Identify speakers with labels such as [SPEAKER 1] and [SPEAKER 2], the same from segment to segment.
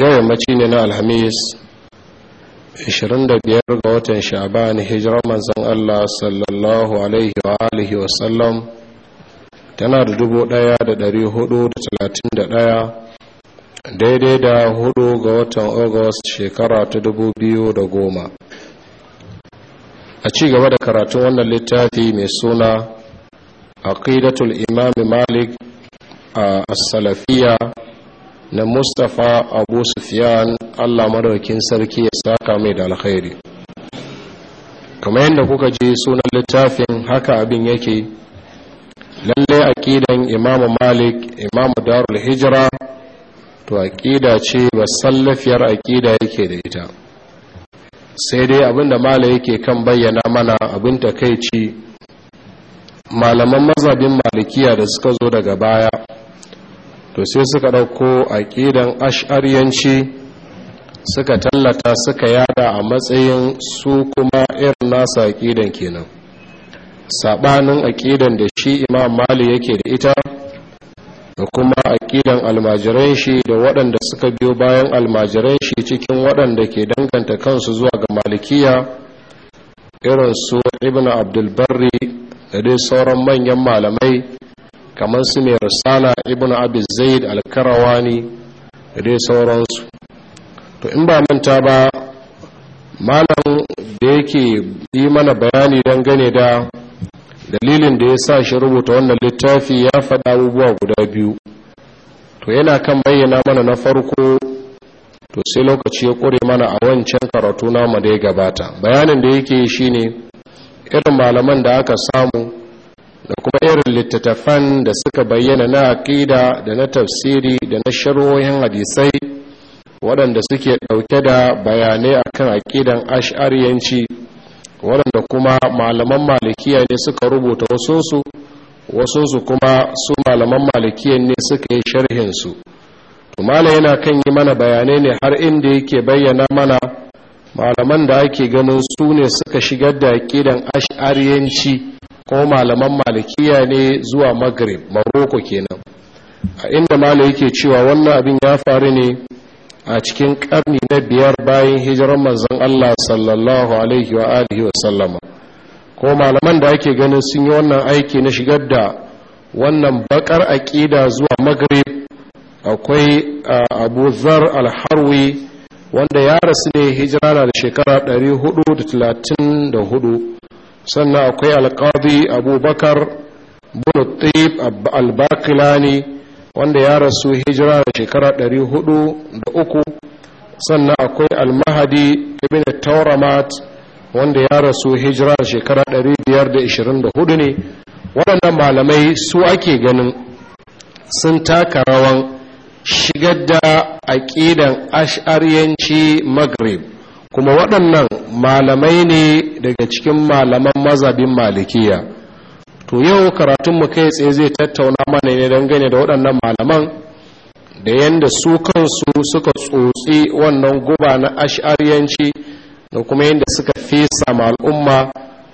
[SPEAKER 1] yau yammaci ne na alhamis 25 ga watan sha'ban hijirar manzon Allah sallallahu alaihi wa alihi wa sallam tana da 1431 daidai da 4 ga watan august shekara ta da goma. a ci gaba da karatun wannan littafi mai suna aqidatul imam malik a salafiya na mustapha abu sufyan allah madaukin sarki ya saka mai da alkhairi kamar yadda kuka ji sunan littafin haka abin yake lallai aqidan imam malik imam darul hijra to aqida ce ba sallafiyar aqida yake da ita sai dai abinda malai yake kan bayyana mana abin takeici malaman mazhabin malikiya da suka zo daga baya to sai suka ɗauko aƙidan ash'ariyanci suka tallata suka yada a matsayin su kuma irin nasa aƙidan kenan saɓanin aƙidan da shi imam mali yake da ita da kuma aƙidan almajiran shi da waɗanda suka biyo bayan almajiran shi cikin waɗanda ke danganta kansu zuwa ga malikiya irin su ibn abdulbarri da dai sauran manyan malamai kamar su mai rasala ibn abi zaid al da dai sauransu to in ba manta ba malam da yake yi mana bayani don gane da dalilin da ya sa shi rubuta wannan littafi ya faɗa abubuwa guda biyu to yana kan bayyana mana na farko to sai lokaci ya kure mana a wancan karatu namu da ya gabata bayanin da yake shine irin malaman da aka samu da kuma irin littattafan da suka bayyana na aƙida da na tafsiri da na sharhohin hadisai waɗanda suke ɗauke da bayanai akan aƙidan ash'ariyanci waɗanda kuma malaman malikiya ne suka rubuta wasu su kuma su malaman malikiyan ne suka yi sharhinsu tumala yana kan yi mana bayanai ne har inda yake bayyana mana malaman da ake ganin su ne suka shigar da aƙidan ash'ariyanci ko malaman malikiya ne zuwa maghrib maroko kenan a inda malo yake cewa wannan abin ya faru ne a cikin karni na biyar bayan hijirar manzon Allah sallallahu alaihi wa alihi wa sallama ko malaman da ake ganin sun yi wannan aiki na shigar da wannan bakar aƙida zuwa maghrib akwai abu zar alharwi wanda ya rasu ne hijira na da shekara 434 sannan akwai alƙadi abubakar bin taib albakilani wanda ya rasu hijira da shekara 403 sannan akwai almahadi ibn tauramat wanda ya rasu hijira da shekara 524 ne waɗannan malamai su ake ganin sun taka rawan shigar da aƙidan ash'ariyanci maghrib kuma waɗannan malamai ne daga cikin malaman mazabin malikiya to yau karatunmu kai tsaye zai tattauna mana ne dangane da waɗannan malaman da yadda su kansu suka tsotsi wannan guba na ash'ariyanci da kuma yadda suka fesa al'umma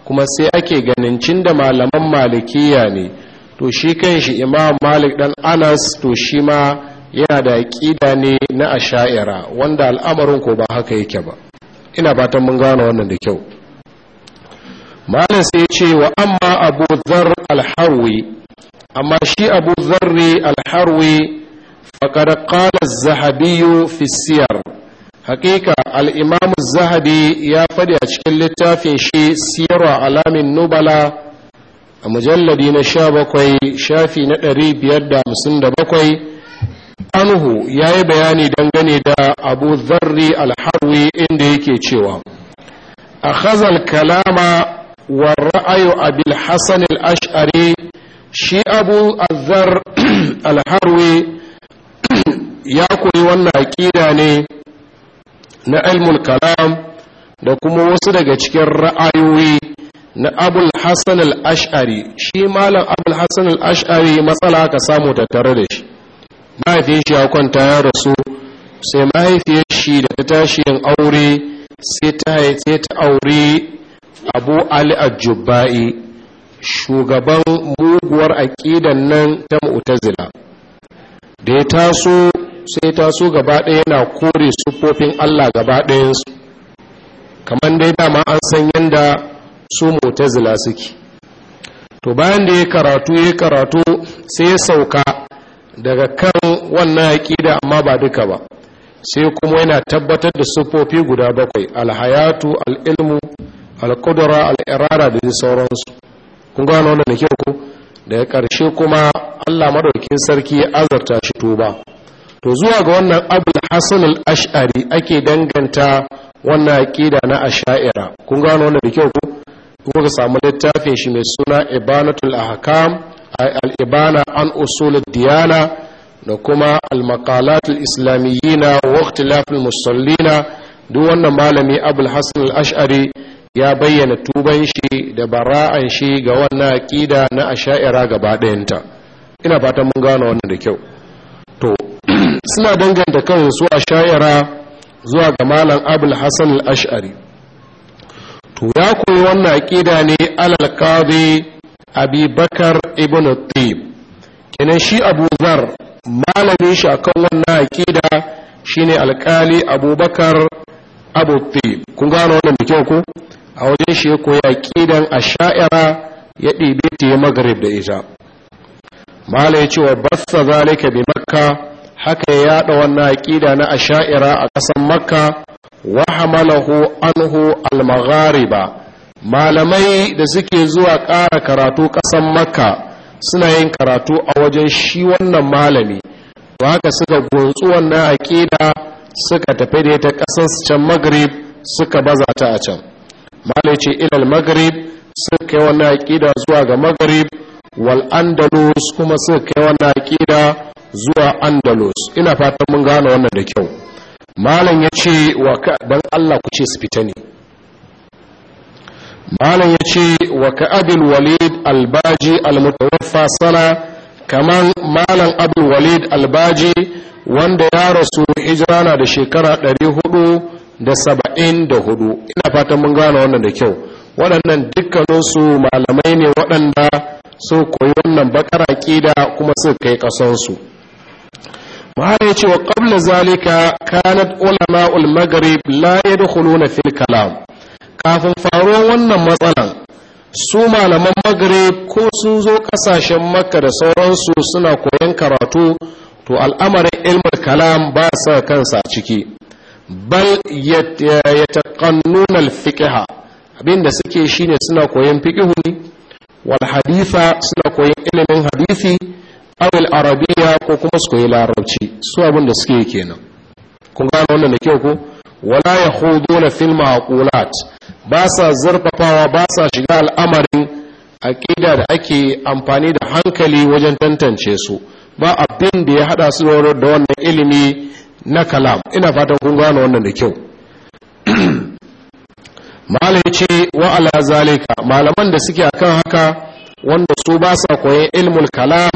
[SPEAKER 1] kuma sai ake ganin cin da malaman malikiya ne to shi kan shi imam malik dan anas to shi ma yana da aƙida ne na asha'ira wanda al'amarin ko ba haka yake ba ina fatan mun gane wannan da kyau malam sai ya ce wa amma abu zar alharwi amma shi abu zarri alharwi qala az zahabiyu fi siyar al-imam az zahabi ya faɗi a cikin littafin shi siyarwa alamin nubala a mujalladi na sha shafi na 557 anuhu ya yi bayani dangane da abu zarri alharwi inda yake cewa a khazal kalama wa ra'ayu abil hasan al'ashari shi abu azar alharwi ya koyi wannan aƙida ne na ilmul kalam da kuma wasu daga cikin ra'ayoyi na abul al'ashari shi malam abul al'ashari matsala ka samu tattare da shi mahaifiyar shi ya kwanta ya rasu sai mahaifiyar da ta tashi yin aure sai ta auri aure abu ali ajubai shugaban muguwar aƙidan nan ta mu'tazila da ya taso sai taso gaba ɗaya yana kore sufofin allah gaba ɗayansu kamar dai dama an san yadda su mu'tazila suke to bayan da ya karatu ya karatu sai ya sauka daga kan wannan aƙida amma ba duka ba sai kuma yana tabbatar da sufofi guda bakwai alhayatu al'ilmu al'kudura al'irara da sauransu kun gano wannan da kyau ko daga ƙarshe kuma allah maɗaukin sarki ya azarta shi ba to zuwa ga wannan abul hasan al’ash'ari ashari ake danganta wannan aƙida na asha'ira kun gano wannan da kyau ko kuka samu littafin shi mai suna ibanatul ahkam al'ibana an usulul diyana da kuma almakalatin maqalatul islamiyyina wa ikhtilaful musallina duk wannan malamin abul hasan al-ash'ari ya bayyana tubanshi da bara'anshi ga wannan aqida na asha'ira gaba ɗayanta ina fatan mun gane wannan da kyau to suna danganta kansu asha'ira zuwa ga malam abul hasan al-ash'ari to ya koyi wannan aqida ne alal qadi abi bakar ibn tib kenan shi abu zar malamin shi akan wannan aƙida shine alkali abubakar abu tib kun gano wannan da kyau ko a wajen shi ya koyi aƙidan asha'ira ya ɗibe ta ya magrib da ita mala ya ce wa bassa zalika bi makka haka ya yada wannan aƙida na asha'ira a ƙasar makka wa hamalahu anhu al-maghariba malamai da suke zuwa ƙara karatu ƙasan makka suna yin karatu a wajen shi wannan malami to haka suka gunsu wannan aƙida suka tafi da ta ƙasar can maghrib suka baza ta a can malai ce ilal maghrib suka kai wannan aƙida zuwa ga maghrib wal andalus kuma suka kai wannan aƙida zuwa andalus ina fatan mun gane wannan da kyau malam ya ce wa dan allah ku ce su fita ne malam ya ce wa ka'abil walid albaji almutawaffa sana kamar malam abin walid albaji wanda ya rasu hijira na da shekara 474 ina fatan mun gane wannan da kyau waɗannan dukkaninsu malamai ne waɗanda su koyi wannan bakar ƙida kuma su kai ƙasansu ma'ana ya ce wa ƙabla zalika kanat ulama ul maghrib la yadkhuluna fil kalam kafin faruwar wannan matsalan su malaman magare, ko su zo kasashen makka da sauransu suna koyon karatu to al'amarin ilmar kalam ba sa kansa a ciki bal ya taƙannun alfiƙiha abinda suke shine suna koyon fiƙihu ne wal haditha suna koyon ilimin hadithi awil arabiya ko kuma su koyi larabci su abinda suke kenan kun gano wannan da kyau ko wala ya hudu na filma a ba sa zurfafawa ba sa shiga al'amarin aƙida da ake amfani da hankali wajen tantance su ba abin da ya haɗa su da wannan ilimi na kalam ina fatan kun gano wannan da kyau malai ce wa ala zalika malaman da suke akan haka wanda su ba sa koyan ilmul kalam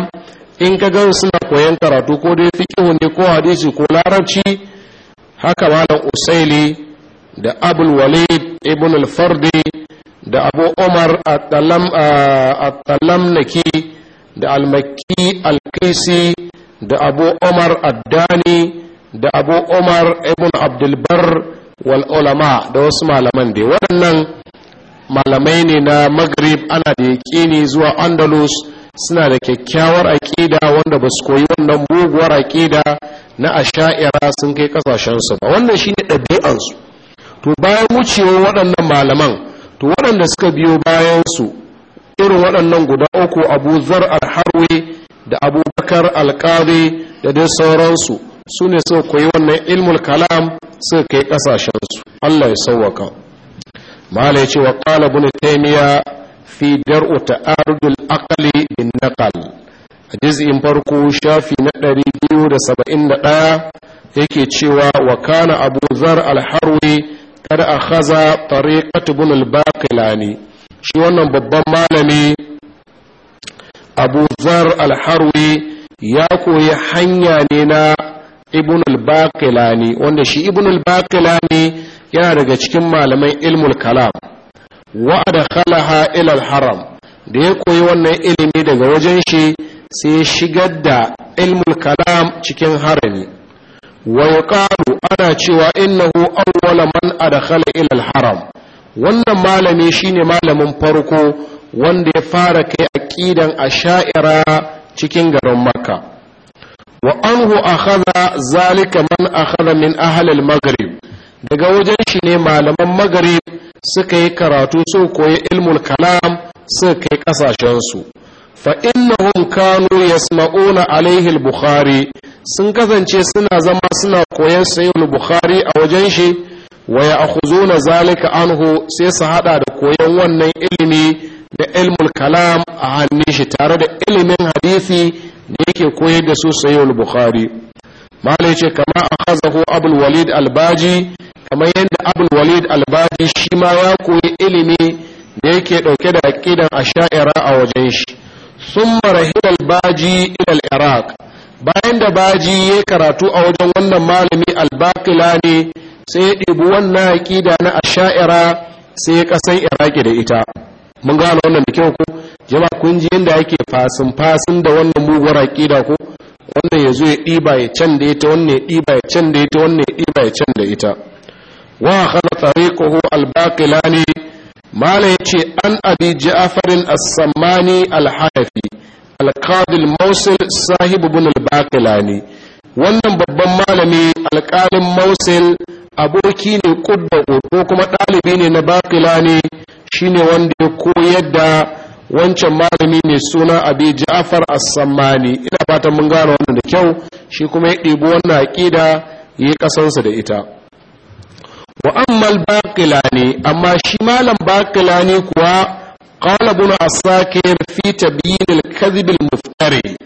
[SPEAKER 1] in ka gan suna koyan karatu ko dai fiqh ne ko hadisi ko larabci haka malam usaili da abul walid ibn al-fardi da abu umar uh, at-talamnaki da al-makki al kaisi da abu umar ad-dani da abu umar ibn abdulbar wal ulama da wasu malaman dai waɗannan malamai ne na maghrib ana da ne zuwa andalus suna da kyakkyawar aƙida wanda ba su koyi wannan buguwar aƙida na asha'ira sun kai ƙasashensu ba wannan shine ɗabi'ansu to bayan wucewar waɗannan malaman to waɗanda suka biyo bayansu irin waɗannan guda uku abu zar alharwe da abubakar alkade da dai sauransu su ne suka koyi wannan ilmul kalam suka kai ƙasashensu allah ya sauwaka mala ya ce wa ƙala bin taimiya fi dar'u ta'arudul aqli bin naqal a jiz'in farko shafi na 271 yake cewa wa kana abu zar alharwe kada a haza tariqatu al-baqilani shi wannan babban malami abu zar al-harwi ya koyi hanya ne na ibn al-baqilani wanda shi ibn al-baqilani yana daga cikin malaman ilmul kalam wa adkhalaha ila al-haram da ya koyi wannan ilimi daga wajen shi sai shigar da ilmul kalam cikin harami wa yuqalu ana cewa innahu awwala man adkhala ila al-haram wannan malami shine malamin farko wanda ya fara kai aqidan asha'ira cikin garin makka wa anhu akhadha zalika man akhadha min ahli al-maghrib daga wajen shi ne malaman maghrib suka yi karatu su koyi ilmun kalam suka kai kasashen su fa innahum kanu yasma'una alaihi al-bukhari sun kasance suna zama suna koyon sayyul bukhari a wajen shi wa ya'khuzuna zalika anhu sai su hada da koyon wannan ilimi da ilmul kalam a hannun shi tare da ilimin hadisi da yake koyar da su sayyul bukhari malai ce kama ko abul walid albaji kamar yadda abul walid albaji shi ma ya koyi ilimi da yake dauke da a asha'ira a wajen shi sun mara hilal baji ilal iraq bayan da baji ya karatu a wajen wannan malami albakila ne sai ya ɗibu wannan aƙida na asha'ira sai ya ƙasan iraki da ita mun gano wannan da kyau ko jama kun ji yadda ake fasin fasin da wannan muguwar aƙida ko wannan ya zo ya ɗiba ya can da ita wannan ya ɗiba ya can da ita wannan ya ɗiba ya can da ita wa ne mala yace an abi ja'farin as-sammani al-hanafi alkadil mausil sahibu bin ne wannan babban malami alkalin mausil aboki ne kudda ko kuma ɗalibi ne na baqilani shine wanda ya koyar da wancan malami mai suna abi ja'far as-sammani ina fatan mun gano wannan da kyau shi kuma ya ɗebo wannan aqida yi kasansa da ita wa amma al-baqilani amma shi malam baqilani kuwa قال ابن al في تبيين الكذب المفتري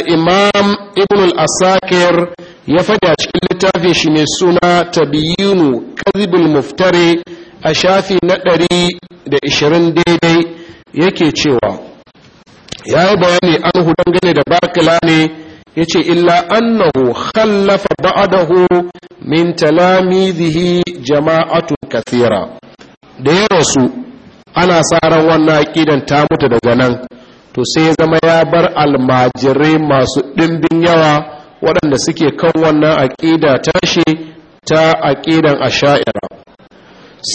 [SPEAKER 1] الإمام ابن العساكر يفجع شكل تافي شميسونا تبيين كذب المفتري أشافي ɗari da ishirin daidai yake cewa ya yi bayani an hudan gane da bakila ne ya ce illa annahu khallafa ba'adahu min talamizihi jama'atun kasira. da ya rasu ana tsaron wannan aƙidan ta mutu daga nan to sai ya zama ya bar almajirai masu ɗimbin yawa waɗanda suke kan wannan aƙida tashi ta aƙidan sha'ira.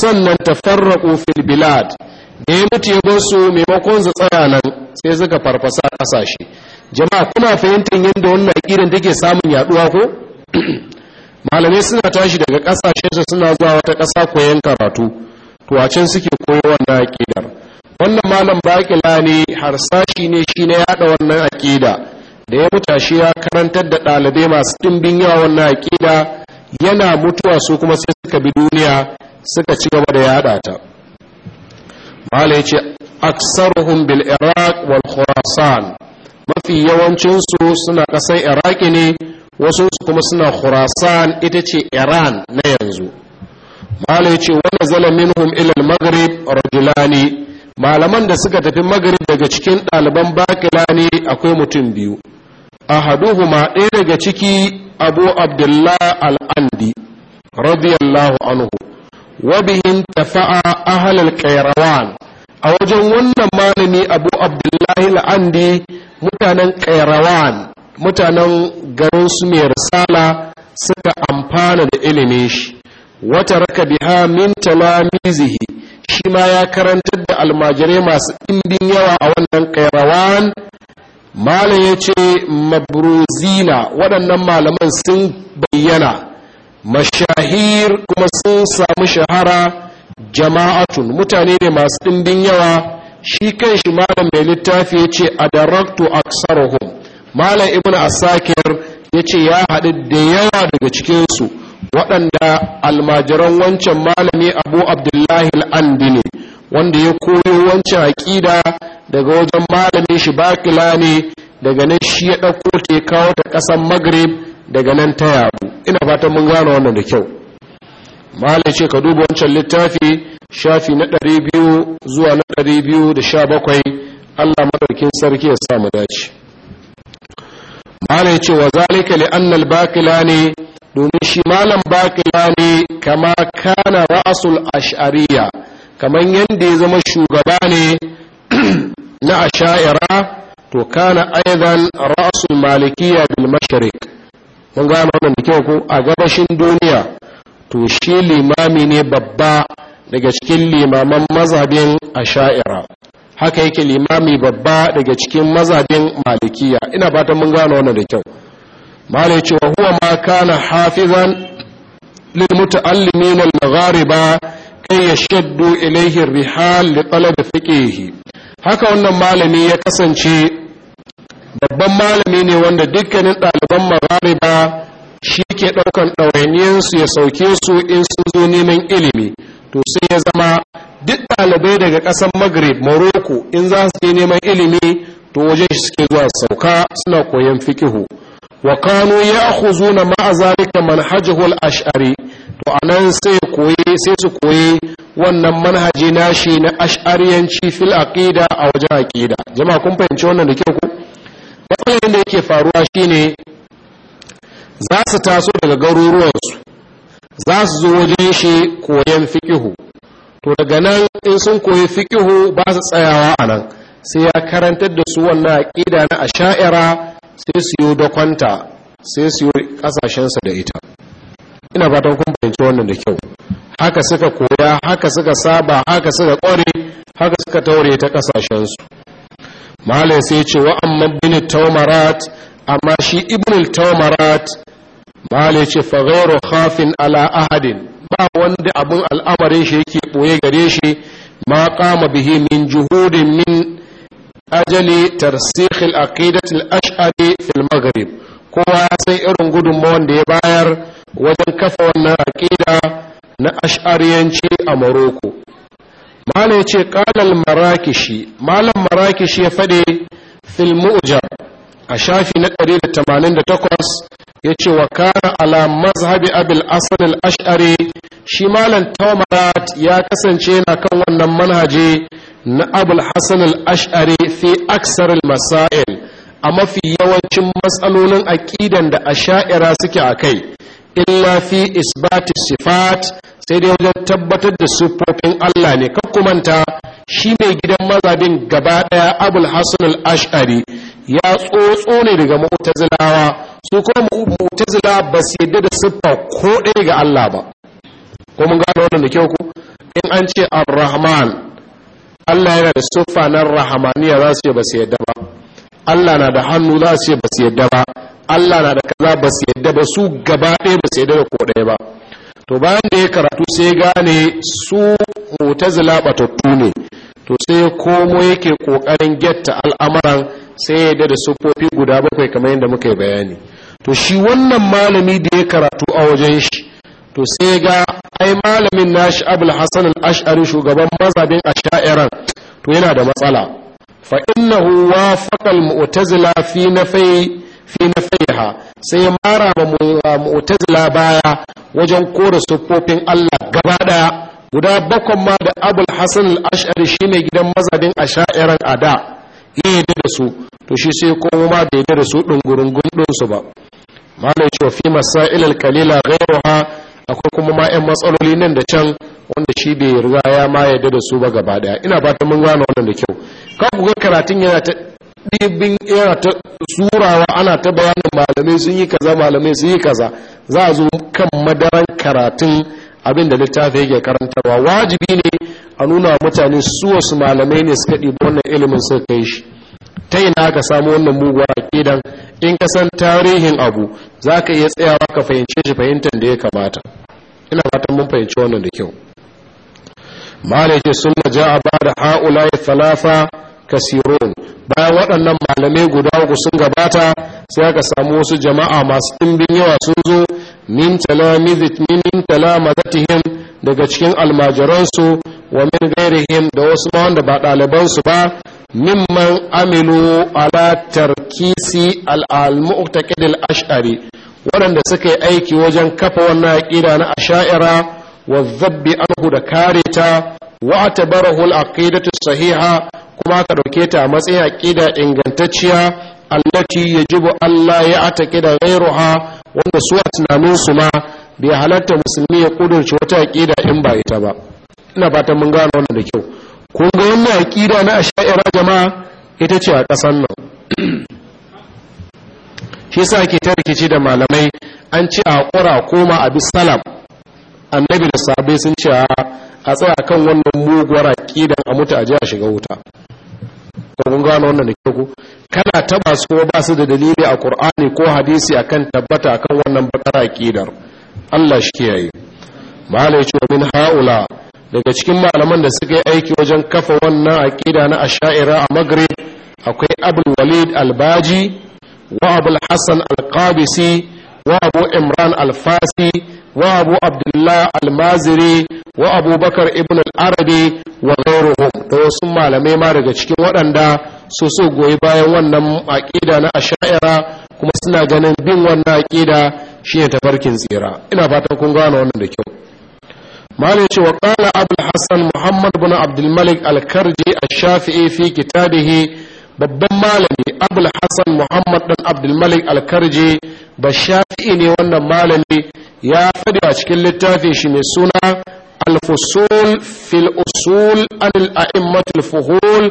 [SPEAKER 1] sannan tafarraƙo ƙofin bilad da ya mutu ya bar su maimakon su tsaya nan sai suka farfasa ƙasashe jama'a kuna fahimtar yadda wannan aƙidan take samun yaɗuwa ko malamai suna tashi daga ƙasashe suna zuwa wata ƙasa koyon karatu to suke koyo wannan aƙidar wannan malam baƙila ne harsashi ne shi na yaɗa wannan aƙida da ya mutu shi ya karantar da dalibai masu ɗimbin yawa wannan akida yana mutuwa su kuma sai suka bi duniya suka ci gaba da yada ta malai ce aksaruhum bil iraq wal khurasan mafi yawancinsu suna ƙasar iraki ne wasu kuma suna khurasan ita ce iran na yanzu mala ya ce wani zala minhum ilal maghrib rajulani malaman da suka tafi maghrib daga cikin ɗaliban bakila ne akwai mutum biyu ahaduhuma ɗaya daga ciki abu abdullah al'andi radiyallahu anhu wa bihin tafa'a ahlal qayrawan a wajen wannan malami abu abdullahi al'andi mutanen qayrawan mutanen garin su mai risala suka amfana da ilimin shi wata raka biha min talamizihi shi ma ya karantar da almajirai masu ɗimbin yawa a wannan kairawan malam ya ce mabruzina waɗannan malaman sun bayyana mashahir kuma sun samu shahara jama'atun mutane ne masu ɗimbin yawa shi kan shi malam mai littafi ya ce a daraktu aksarohum malam ibn asakir ya ce ya haɗu da yawa daga cikinsu waɗanda almajiran wancan malami abu abdullahi al'andi ne wanda ya koyo wancan aƙida daga wajen malami shi bakila ne daga nan shi ya ɗauko ta kawo ta ƙasar maghrib daga nan ta yabu ina fatan mun gane wannan da kyau malai ce ka duba wancan littafi shafi na ɗari biyu zuwa na ɗari biyu da sha bakwai allah maɗaukin sarki ya samu dace malam ce wa zalika li annal bakila ne domin shi malam baƙila ne kama kana ra'asul ash'ariya kamar yadda ya zama shugaba ne na asha'ira to kana aizan ra'asul malikiya bil mashrik mun gano wannan da kyau ko a gabashin duniya to shi limami ne babba daga cikin limaman mazhabin asha'ira haka yake limami babba daga cikin mazhabin malikiya ina fatan mun gano wannan da kyau malai cewa huwa ma kana hafizan
[SPEAKER 2] lil muta'allimin al
[SPEAKER 1] maghariba kai ya shaddu ilaihi rihal li talab fiqihi haka wannan malami ya kasance babban malami ne wanda dukkanin ɗaliban maghariba shi ke ɗaukan ɗawainiyarsu ya sauke su in sun zo neman ilimi to sai ya zama duk ɗalibai daga ƙasar maghrib Maroko in za su je neman ilimi to wajen shi suke zuwa sauka suna koyon fikihu wa ياخذون ya'khuzuna ذلك منهجه الاشعري ash'ari to anan sai sai su koyi wannan manhaji nashi na ash'ariyanci fil aqida a wajen aqida jama'a kun fahimci wannan da kyau ko matsalolin da yake faruwa shine za su taso daga garuruwansu za su zo wajen shi koyan fiqihu to daga nan in sun koyi fiƙihu ba su tsayawa anan sai ya karantar da su wannan aƙida na asha'ira sai siyo dakwanta sai siyo kasashensa da ita ina ba kun fahimci wannan da kyau haka suka koya haka suka saba haka suka kware haka suka taure ta kasashensu malai sai ce wa amma bin taumarat amma shi Ibnul taumarat malai ce fa hafin ala ahadin ba wanda abin al'amarin shi yake boye gare shi ma kama bihi min juhudin min ya tarsikh al-aqidat ashari fil kowa ya san irin gudunmawar da ya bayar wajen kafa wannan aqida na ash'ariyanci a maroko. malai ce qalal marakishi malam marakishi ya fade fil a shafi na 188 yace wa kana ala mazhabi abil asad al ash'ari shi malam tawmarat ya kasance yana kan wannan manhaji na abul hassan al’ashari ashari fi aksar masail a mafi yawancin matsalolin aƙidan da a sha'ira suke a kai illa fi isbati sifat sai dai wajen tabbatar da sufofin Allah ne kakkumanta shi mai gidan mazabin gaba ɗaya abul hassan al’ashari ya tsotso ne daga mu'tazilawa su kuma mu'tazila ba su yadda da siffa ko ɗaya ga Allah ba ko mun gano wannan da kyau ko in an ce ar-rahman Allah yana da siffa na rahamaniya za su ce ba su yadda ba Allah na da hannu za su ce ba su yadda ba Allah na da kaza ba su yadda ba su gaba ɗaya ba su yadda da ko ɗaya ba to bayan da ya karatu sai gane su mutazila batattu ne to sai ya komo yake kokarin getta al'amaran sai ya da siffofi guda bakwai kamar yadda muka yi bayani to shi wannan malami da ya karatu a wajen shi to sai ga ai malamin nashi abul hasan al-ash'ari shugaban mazhabin ash'airan to yana da matsala fa innahu wafaqa al-mu'tazila fi nafai fi nafaiha sai ya mara ba mu'tazila baya wajen kora siffofin Allah gaba daya guda bakon ma da abul hasan al-ash'ari shine gidan mazhabin ash'airan ada ya yarda da su to shi sai kuma ma bai yarda da su dungurungun din su ba malai shofi masailal kalila ghayruha akwai kuma ma 'yan matsaloli nan da can wanda shi bai riga ya ma yadda da su ba gaba daya ina ba ta mun gane wannan da kyau ka ku ga karatun yana ta ɗibin yana ta surawa ana ta bayanin malamai sun yi kaza malamai sun yi kaza za a zo kan madaran karatun abin da littafi yake karantarwa wajibi ne a nuna wa mutane su wasu malamai ne suka ɗibi wannan ilimin suka kai shi ta yi na ka samu wannan muguwar akidan in ka san tarihin abu za ka iya tsayawa ka fahimce shi fahimtar da ya kamata ina fatan mun fahimci wannan da kyau malai sun ja a ba da ha'ula falafa kasirun bayan waɗannan malamai guda uku sun gabata sai aka samu wasu jama'a masu ɗimbin yawa sun zo min talamatihim daga cikin almajiransu wa min gairihim da wasu ma wanda ba ɗalibansu ba mimman aminu ala Kisi al-mu'taqid al-ash'ari waɗanda suka yi aiki wajen kafa wannan aqida na ash'ira wa zabbi anhu da kare ta wa atabarahu al sahiha kuma aka dauke ta a matsayin aƙida ingantacciya allati yajibu Allah ya ataqida ghayruha wanda su tunanin su ma bai halarta musulmi ya kudurce wata aƙida in ba ita ba ina bata mun gano wannan da kyau kun ga wannan aqida na asha'ira jama'a ita ce a ƙasar nan shi yasa ake ta rikici da malamai an ce a ƙura koma a bisalam annabi da sahabbai sun ce a tsaya kan wannan muguwar aqidan a mutu a a shiga wuta kun gano wannan da ku kana taba su ko ba su da dalili a qur'ani ko hadisi akan tabbata kan wannan bakara aqidar Allah shi kiyaye malai ce min haula daga cikin malaman da suka yi aiki wajen kafa wannan aƙida na asha'ira a maghrib akwai abul walid albaji wa abul hassan alqabisi wa abu imran alfasi wa abu abdullah almaziri wa bakar ibn al'arabi wa ghairuhum da wasu malamai ma daga cikin waɗanda su su goyi bayan wannan aƙida na asha'ira kuma suna ganin bin wannan aƙida shine tafarkin tsira ina fatan kun gane wannan da kyau malai ce wa qala abul hasan muhammad bin abdul malik al-karji ash babban malami abul hassan muhammad ɗan abdulmalik alkarji al ba shafi'i ne wannan malami ya faɗi a cikin littafin shi mai suna al fil usul an al-a'immat fuhul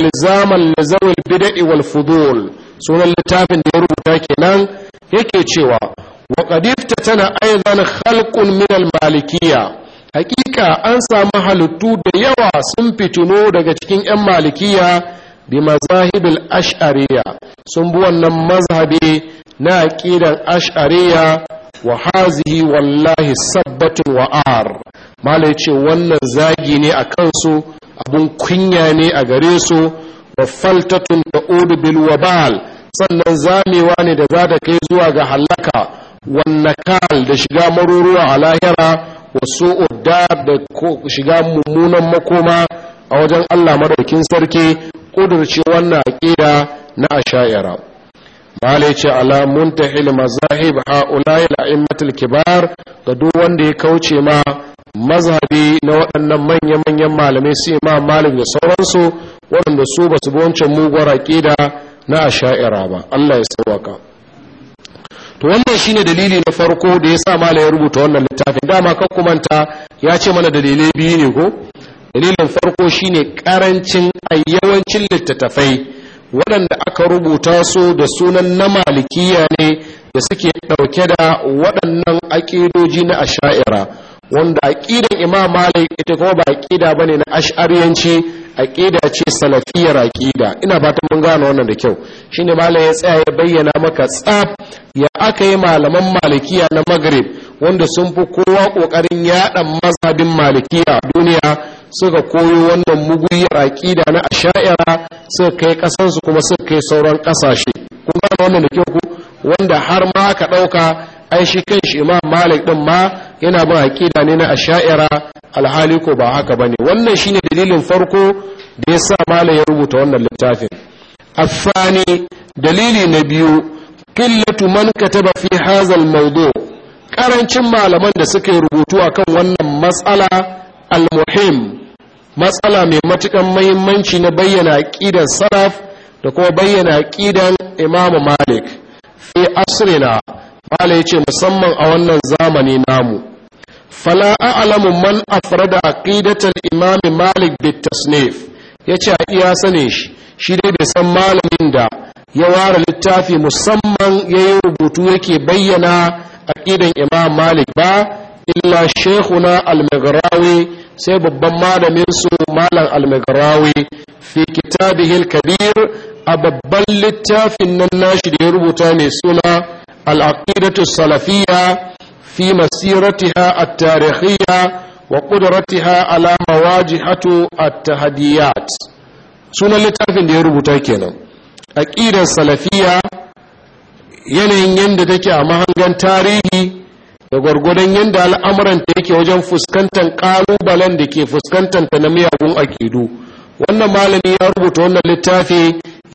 [SPEAKER 1] ilzaman lazawil bid'i wal fudul sunan littafin da ya rubuta kenan yake cewa wa qad tana aidan khalqun min al-malikiyya hakika an samu halittu da yawa sun fitino daga cikin 'yan malikiya bi mazahibil ash'ariya sun bi wannan mazhabi na aqidan ash'ariya wa hazihi wallahi sabbatun wa'ar malai ce wannan zagi ne a kansu abun kunya ne a gare su wa faltatun ta'udu bil wabal sannan zamewa ne da za ta kai zuwa ga halaka wannan kal da shiga maruruwa a lahira wasu udda da shiga mummunan makoma a wajen Allah madaukin sarki kudurci wannan aqida na asha'ira malai ce ala muntahil mazahib haula'i la'immatul kibar ga duk wanda ya kauce ma mazhabi na waɗannan manya-manyan malamai su imam malik da sauransu waɗanda su ba su bi wancan muguwar aqida na asha'ira ba Allah ya sauwaka to wannan shine dalili na farko da ya sa malam ya rubuta wannan littafin dama kan kumanta ya ce mana dalilai biyu ne ko dalilin farko shine karancin yawancin littattafai waɗanda aka rubuta su da sunan na malikiya ne da suke ɗauke da waɗannan aƙidoji na asha'ira wanda aƙidan imam malik ita kuma ba aƙida bane na ash'ariyanci aqida ce salafiyar aqida ina fatan mun gano wannan da kyau shine malam ya tsaya ya bayyana maka tsaf ya aka yi malaman malikiya na maghrib wanda sun fi kowa kokarin yada mazhabin malikiya a duniya suka koyo wannan muguyar aqida na asha'ira suka kai kasan su kuma suka kai sauran kasashe kun gano wannan da kyau ku wanda har ma ka dauka ai shi kanshi imam malik din ma yana bin aqida ne na asha'ira alhali ko ba haka bane wannan shine dalilin farko da ya sa malam ya rubuta wannan littafin afani dalili na biyu qillatu man kataba fi hadha almawdu karancin malaman da suka yi rubutu akan wannan matsala almuhim muhim matsala mai matukan muhimmanci na bayyana aqidar salaf da kuma bayyana aqidar imamu malik fi asrina malam ce musamman a wannan zamani namu fala a'lamu man da aqidatal imam malik bit tasnif yace a iya sane shi shi dai bai san malamin da ya ware littafi musamman yayin rubutu yake bayyana aqidan imam malik ba illa shaykhuna al-maghrawi sai babban malamin su malam al-maghrawi fi kitabihi al-kabir a babban littafin nan nashi da ya rubuta mai suna al-aqidatu salafiyya في مسيرتها التاريخية وقدرتها على مواجهة التهديات سنة ya دي ربو تاكينا أكيدا السلفية yanayin yadda take a mahangan tarihi da gwargwadon yadda ta yake wajen fuskantar ƙalubalen da ke fuskantar ta na miyagun akidu wannan malami ya rubuta wannan littafi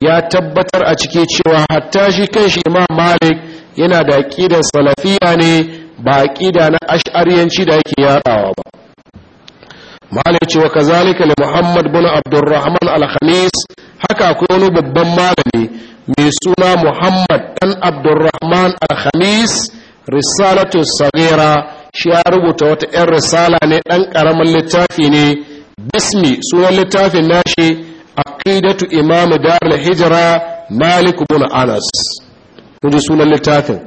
[SPEAKER 1] ya tabbatar a cike cewa hatta shi kan shi imam malik yana da aƙidar salafiya ne ba aqida na ash'ariyanci da yake yadawa ba malai wa kazalika li muhammad bin abdurrahman al-khamis haka akwai wani babban malami mai suna muhammad dan abdurrahman al-khamis risalatu sagira shi ya rubuta wata 'yan risala ne ɗan ƙaramin littafi ne bismi sunan littafin nashi aqidatu imam dar hijira malik bin anas sunan littafin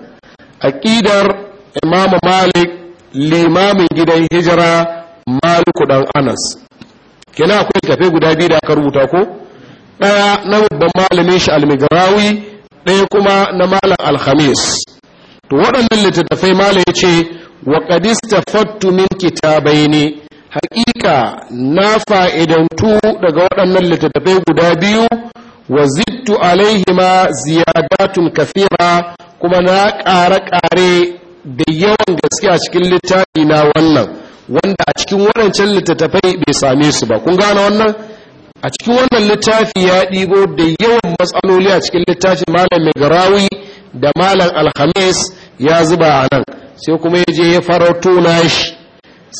[SPEAKER 1] aqidar imam malik limamin gidan hijira maliku dan anas kina akwai tafe guda biyu da aka rubuta ko ɗaya na babban malamin shi almigrawi ɗaya kuma na malam alhamis to waɗannan littattafai malam ya ce wa qadista tafattu min kitabai ne haƙiƙa na fa'idantu daga waɗannan littattafai guda biyu wa zittu alaihima ziyadatun kafira kuma na ƙare-ƙare da yawan gaske a cikin littafi na wannan wanda a cikin waɗancan littattafai bai same su ba kun gane wannan a cikin wannan littafi ya ɗigo da yawan matsaloli a cikin littafi malam megarawi da malam alhamis ya zuba a nan sai kuma ya je ya farauto na shi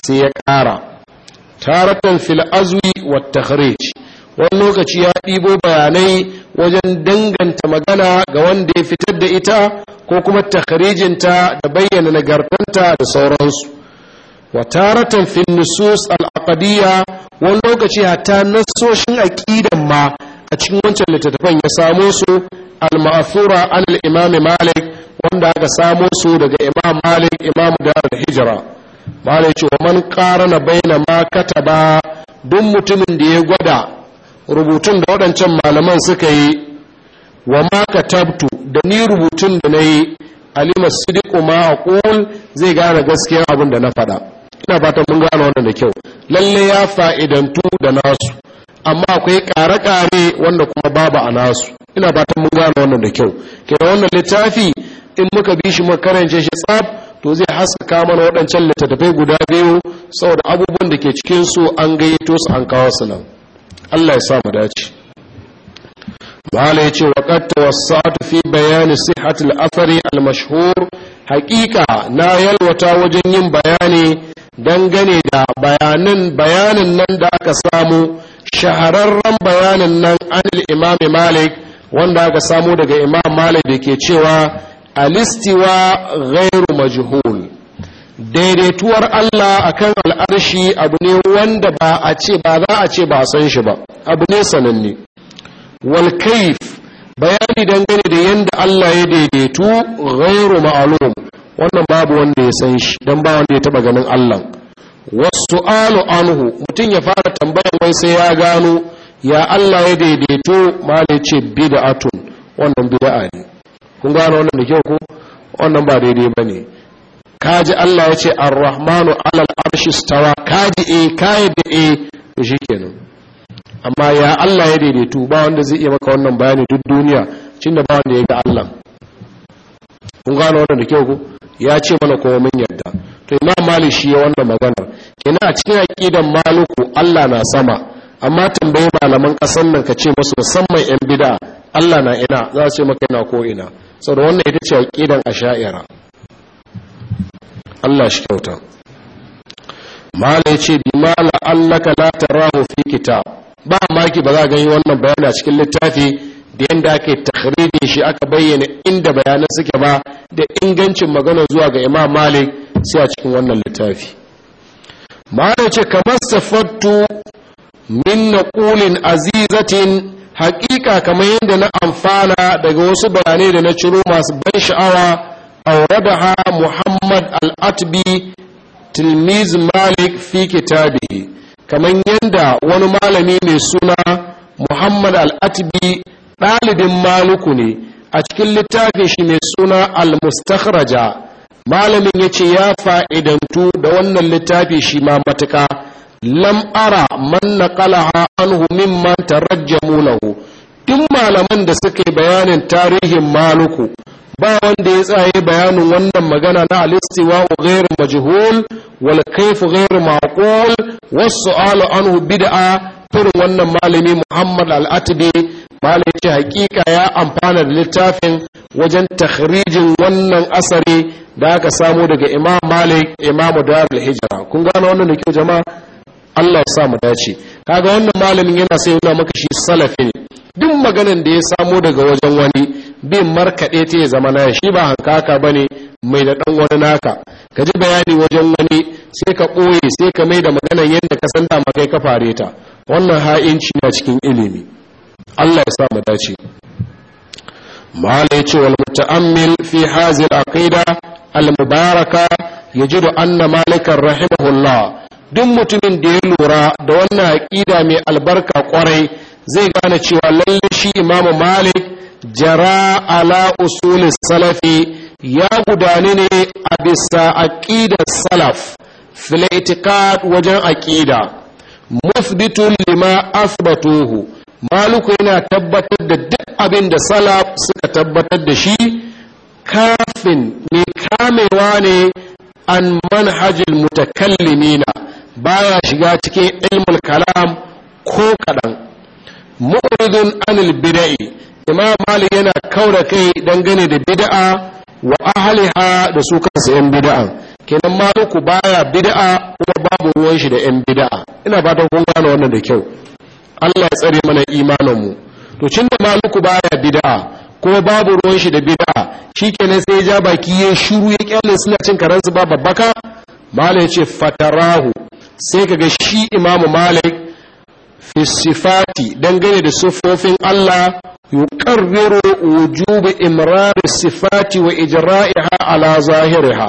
[SPEAKER 1] sai ya ƙara taratan filazwi azwi wani lokaci ya ɗibo bayanai wajen danganta magana ga wanda ya fitar da ita ko kuma takharijinta da bayyana nagartanta da sauransu wa taratan fin nusus al'aqadiyya wani lokaci hatta nassoshin aqidan ma a cikin wancan littattafan ya samo su al-ma'thura an al-imam malik wanda aka samo su daga imam malik imam darul hijra malik ce wa man qarana baina ma kataba duk mutumin da ya gwada rubutun da waɗancan malaman suka yi wa maka tabtu da ni rubutun da na yi alimar sidiku ma ƙul zai gane gaskiyar abin da na faɗa ina fatan mun gane wannan da kyau lalle ya fa'idantu da nasu amma akwai ƙare-ƙare wanda kuma babu a nasu ina fatan mun gane wannan da kyau kenan wannan littafi in muka bi shi makarance shi tsab to zai haskaka mana waɗancan littattafai guda biyu saboda abubuwan da ke cikin su an gayyato su an kawo su nan Allah ya sa mu dace mala yace wa qad tawassatu fi bayani sihhat al-athari al-mashhur haqiqa na yalwata wajen yin bayani dangane da bayanin bayanin nan da aka samu shahararren bayanin nan al imam malik wanda aka samu daga imam malik da ke cewa alistiwa ghairu majhul daidaituwar Allah akan al'arshi abu ne wanda ba a ce ba za a ce ba san shi ba abu ne sananne walkaif bayani bayani dangane da yadda Allah ya daidaitu gairu ma'alum wannan babu wanda ya san shi dan ba wanda ya taba ganin Allah wasu alu anhu mutum ya fara tambayar wai sai ya gano ya Allah ya daidaito ma ce atun wannan bid'a ne kun gano wannan da kyau ko wannan ba daidai bane kaji Allah ya ce ar-rahmanu alal arshi stawa kaji e kayi da e to shikenan amma ya Allah ya daidaitu ba wanda zai iya maka wannan bayani duk duniya cin da ba wanda ya ga Allah kun gano wannan da kyau ko ya ce mana ko mun yarda to imam mali shi ya wannan maganar Kina a cikin aqidan maluku Allah na sama amma tambayi malaman kasan nan ka ce musu musamman yan bid'a Allah na ina za su ce maka ina ko ina saboda wannan ita ce aqidan asha'ira Allah shi kyauta mala ce bi allaka la tarahu fi kitab ba maki ba za a yi wannan bayani cikin littafi da yadda ake takhrijin shi aka bayyana inda bayanan suke ba da ingancin magana zuwa ga Imam Malik sai a cikin wannan littafi mala ce kamar safattu min naqulin azizatin haƙiƙa kamar yadda na amfana daga wasu bayanai da na ciro masu ban sha'awa أوردها محمد الأتبي تلميذ مالك في كتابه كما يندى ونمالمي من سنة محمد الأتبي طالب مالكني أشكل shi من سنة المستخرجة malamin ya ce ya fa'idantu da wannan littafi shi ma matuka lam ara man naqalaha anhu mimman tarajjamu lahu duk malaman da suka yi bayanin tarihin maluku ba wanda ya tsaye bayanin wannan magana na alistiwa wa ghairu majhul wal kayfu ghairu maqul was su'alu anhu bid'a turin wannan malami Muhammad al-Atbi malai ce hakika ya amfana da littafin wajen takhrijin wannan asari da aka samu daga Imam Malik Imam Darul Hijra kun gane wannan da kyau jama'a Allah ya sa mu dace kaga wannan malamin yana sai yana maka shi salafi duk maganan da ya samu daga wajen wani bin markaɗe ta zama na shi ba hankaka ba ne mai da ɗan wani naka ka ji bayani wajen wani sai ka ɓoye sai ka mai da magana yadda ka san dama kai ka fare ta wannan ha'inci na cikin ilimi allah ya sa mu dace la ya ce wal muta'ammil fi hazil aqida al mubaraka yajidu anna malikan rahimahullah duk mutumin da ya lura da wannan aqida mai albarka kwarai zai gane cewa lalle shi imamu malik jara ala usulis salafi ya gudane ne a bisa aqidar salaf filaitikad wajen aqida mufditun lima asbatuhu maluku yana tabbatar da duk abin da salaf suka tabbatar da shi kafin mai kamewa ne an manhajil mutakallimina baya shiga cikin ilmul kalam ko kaɗan mu'ridun anil bida'i. imam malik yana kaura kai dangane da bid'a wa ahliha da su kansu yan bid'a kenan maliku baya bid'a kuma babu ruwan shi da yan bid'a ina fatan kun gane wannan da kyau Allah ya tsare mana imanin mu to cinda da maliku baya bid'a kuma babu ruwan shi da bid'a shikenan sai ja baki ya shiru ya kyale suna cin karansu ba babbaka malik ya ce fatarahu sai kaga shi imamu malik sifati dangane da siffofin Allah yuqarriru wujubi imrari sifati wa ijra'iha ala zahiriha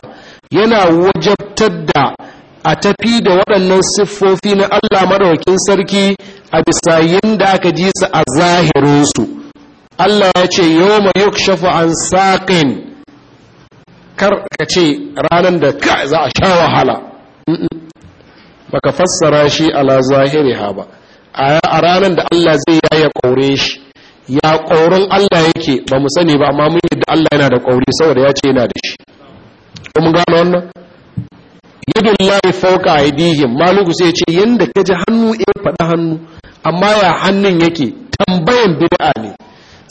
[SPEAKER 1] yana wajabtar da a tafi da waɗannan siffofi na Allah madaukin sarki a bisa yanda aka ji su a zahirinsu Allah ya ce yau mai yukshafu an saƙin kar ka ce ranar da ka za a sha wahala baka fassara shi ala zahiriha ba a ranar da Allah zai yaya kaure shi ya kaurin Allah yake ba mu sani ba amma mun yadda Allah yana da ƙauri saboda ya ce yana da shi kuma gano wannan yadda layi fauka a idihim maluku sai ce yadda ka ji hannu ya eh, faɗi hannu amma ya hannun yake tambayan bid'a ne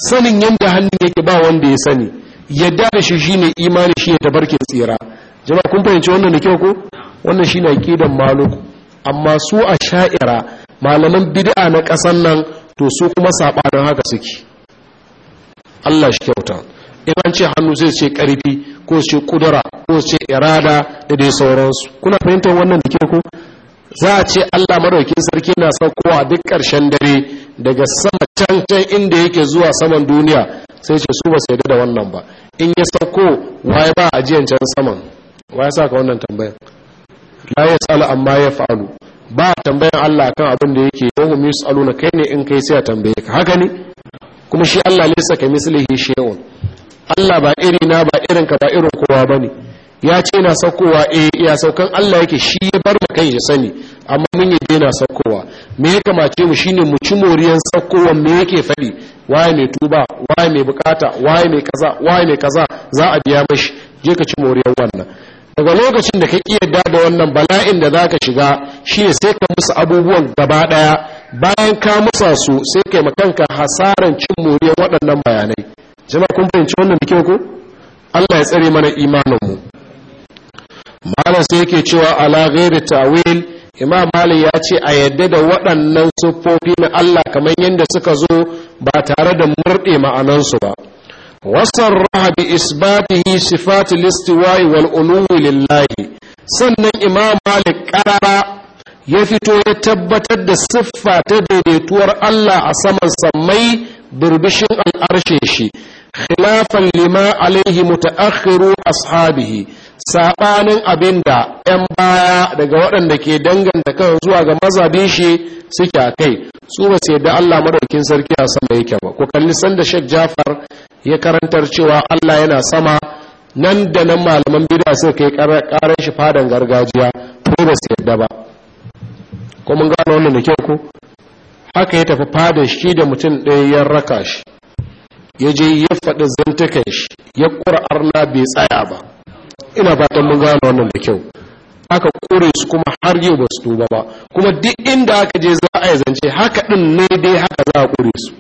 [SPEAKER 1] sanin yadda hannun yake ba wanda ya sani yadda da shi shine imani shi ya barke tsira jama'a kun fahimci wannan da kyau ko wannan shine akidan maluku amma su a sha'ira malaman bid'a na kasan nan to su kuma saɓanin haka suke Allah shi kyauta in an ce hannu zai ce karfi, ko su ce kudura ko su ce irada da dai sauransu kuna fahimtar wannan da ku za a ce Allah madaukin sarki na saukowa duk ƙarshen dare daga sama can can inda yake zuwa saman duniya sai ce su ba su da wannan ba in ya sauko waye ba a jiyan can saman waye sa ka wannan tambayar? la sala amma ya fa'alu ba tambayan Allah kan abin da yake yau mu yus'aluna kai ne in kai sai a tambaye ka haka ne kuma shi Allah laysa ka mislihi shay'un Allah ba iri na ba irin ka ba irin kowa bane ya ce na saukowa eh ya saukan Allah yake shi ya bar da kai ya sani amma mun yi na saukowa me ya kamace mu Shi ne mu ci moriyan saukowa me yake fadi waye mai tuba waye mai bukata waye mai kaza waye mai kaza za a biya mashi je ka ci moriyan wannan daga lokacin da ka iya da wannan bala'in da za ka shiga shi ne sai ka musu abubuwan gaba ɗaya bayan ka musa su sai ka yi makanka hasaran cin moriyar waɗannan bayanai jama'a kun fahimci wannan da kyau ku. allah ya tsare mana imaninmu malam sai yake cewa ala ghairi tawil imam malik ya ce a yadda da waɗannan siffofi na allah kamar yadda suka zo ba tare da murɗe ma'anansu ba wasarraha bi isbatihi sifati listiwa'i wal uluwi lillahi sannan imam malik karara ya fito ya tabbatar da siffa ta daidaituwar Allah a saman sammai birbishin al'arshe shi khilafan lima alaihi mutaakhiru ashabihi Saɓanin abinda yan baya daga waɗanda ke danganta kan zuwa ga mazabin shi suke a kai su ba sai da Allah madaukin sarki a sama yake ba Ku kalli sanda Sheikh Jafar ya karantar cewa Allah yana sama nan da nan malaman bid'a suka kai karar shi fadan gargajiya to ba su yadda ba ko mun gano wannan da kyau ko haka ya tafi fadan shi da mutum ɗaya ya raka shi ya je ya faɗi zantakan shi ya ƙur'ar arna bai tsaya ba ina fatan mun gano wannan da kyau aka kore su kuma har yau ba su tuba ba kuma duk inda aka je za a yi zance haka ɗin ne dai haka za a kore su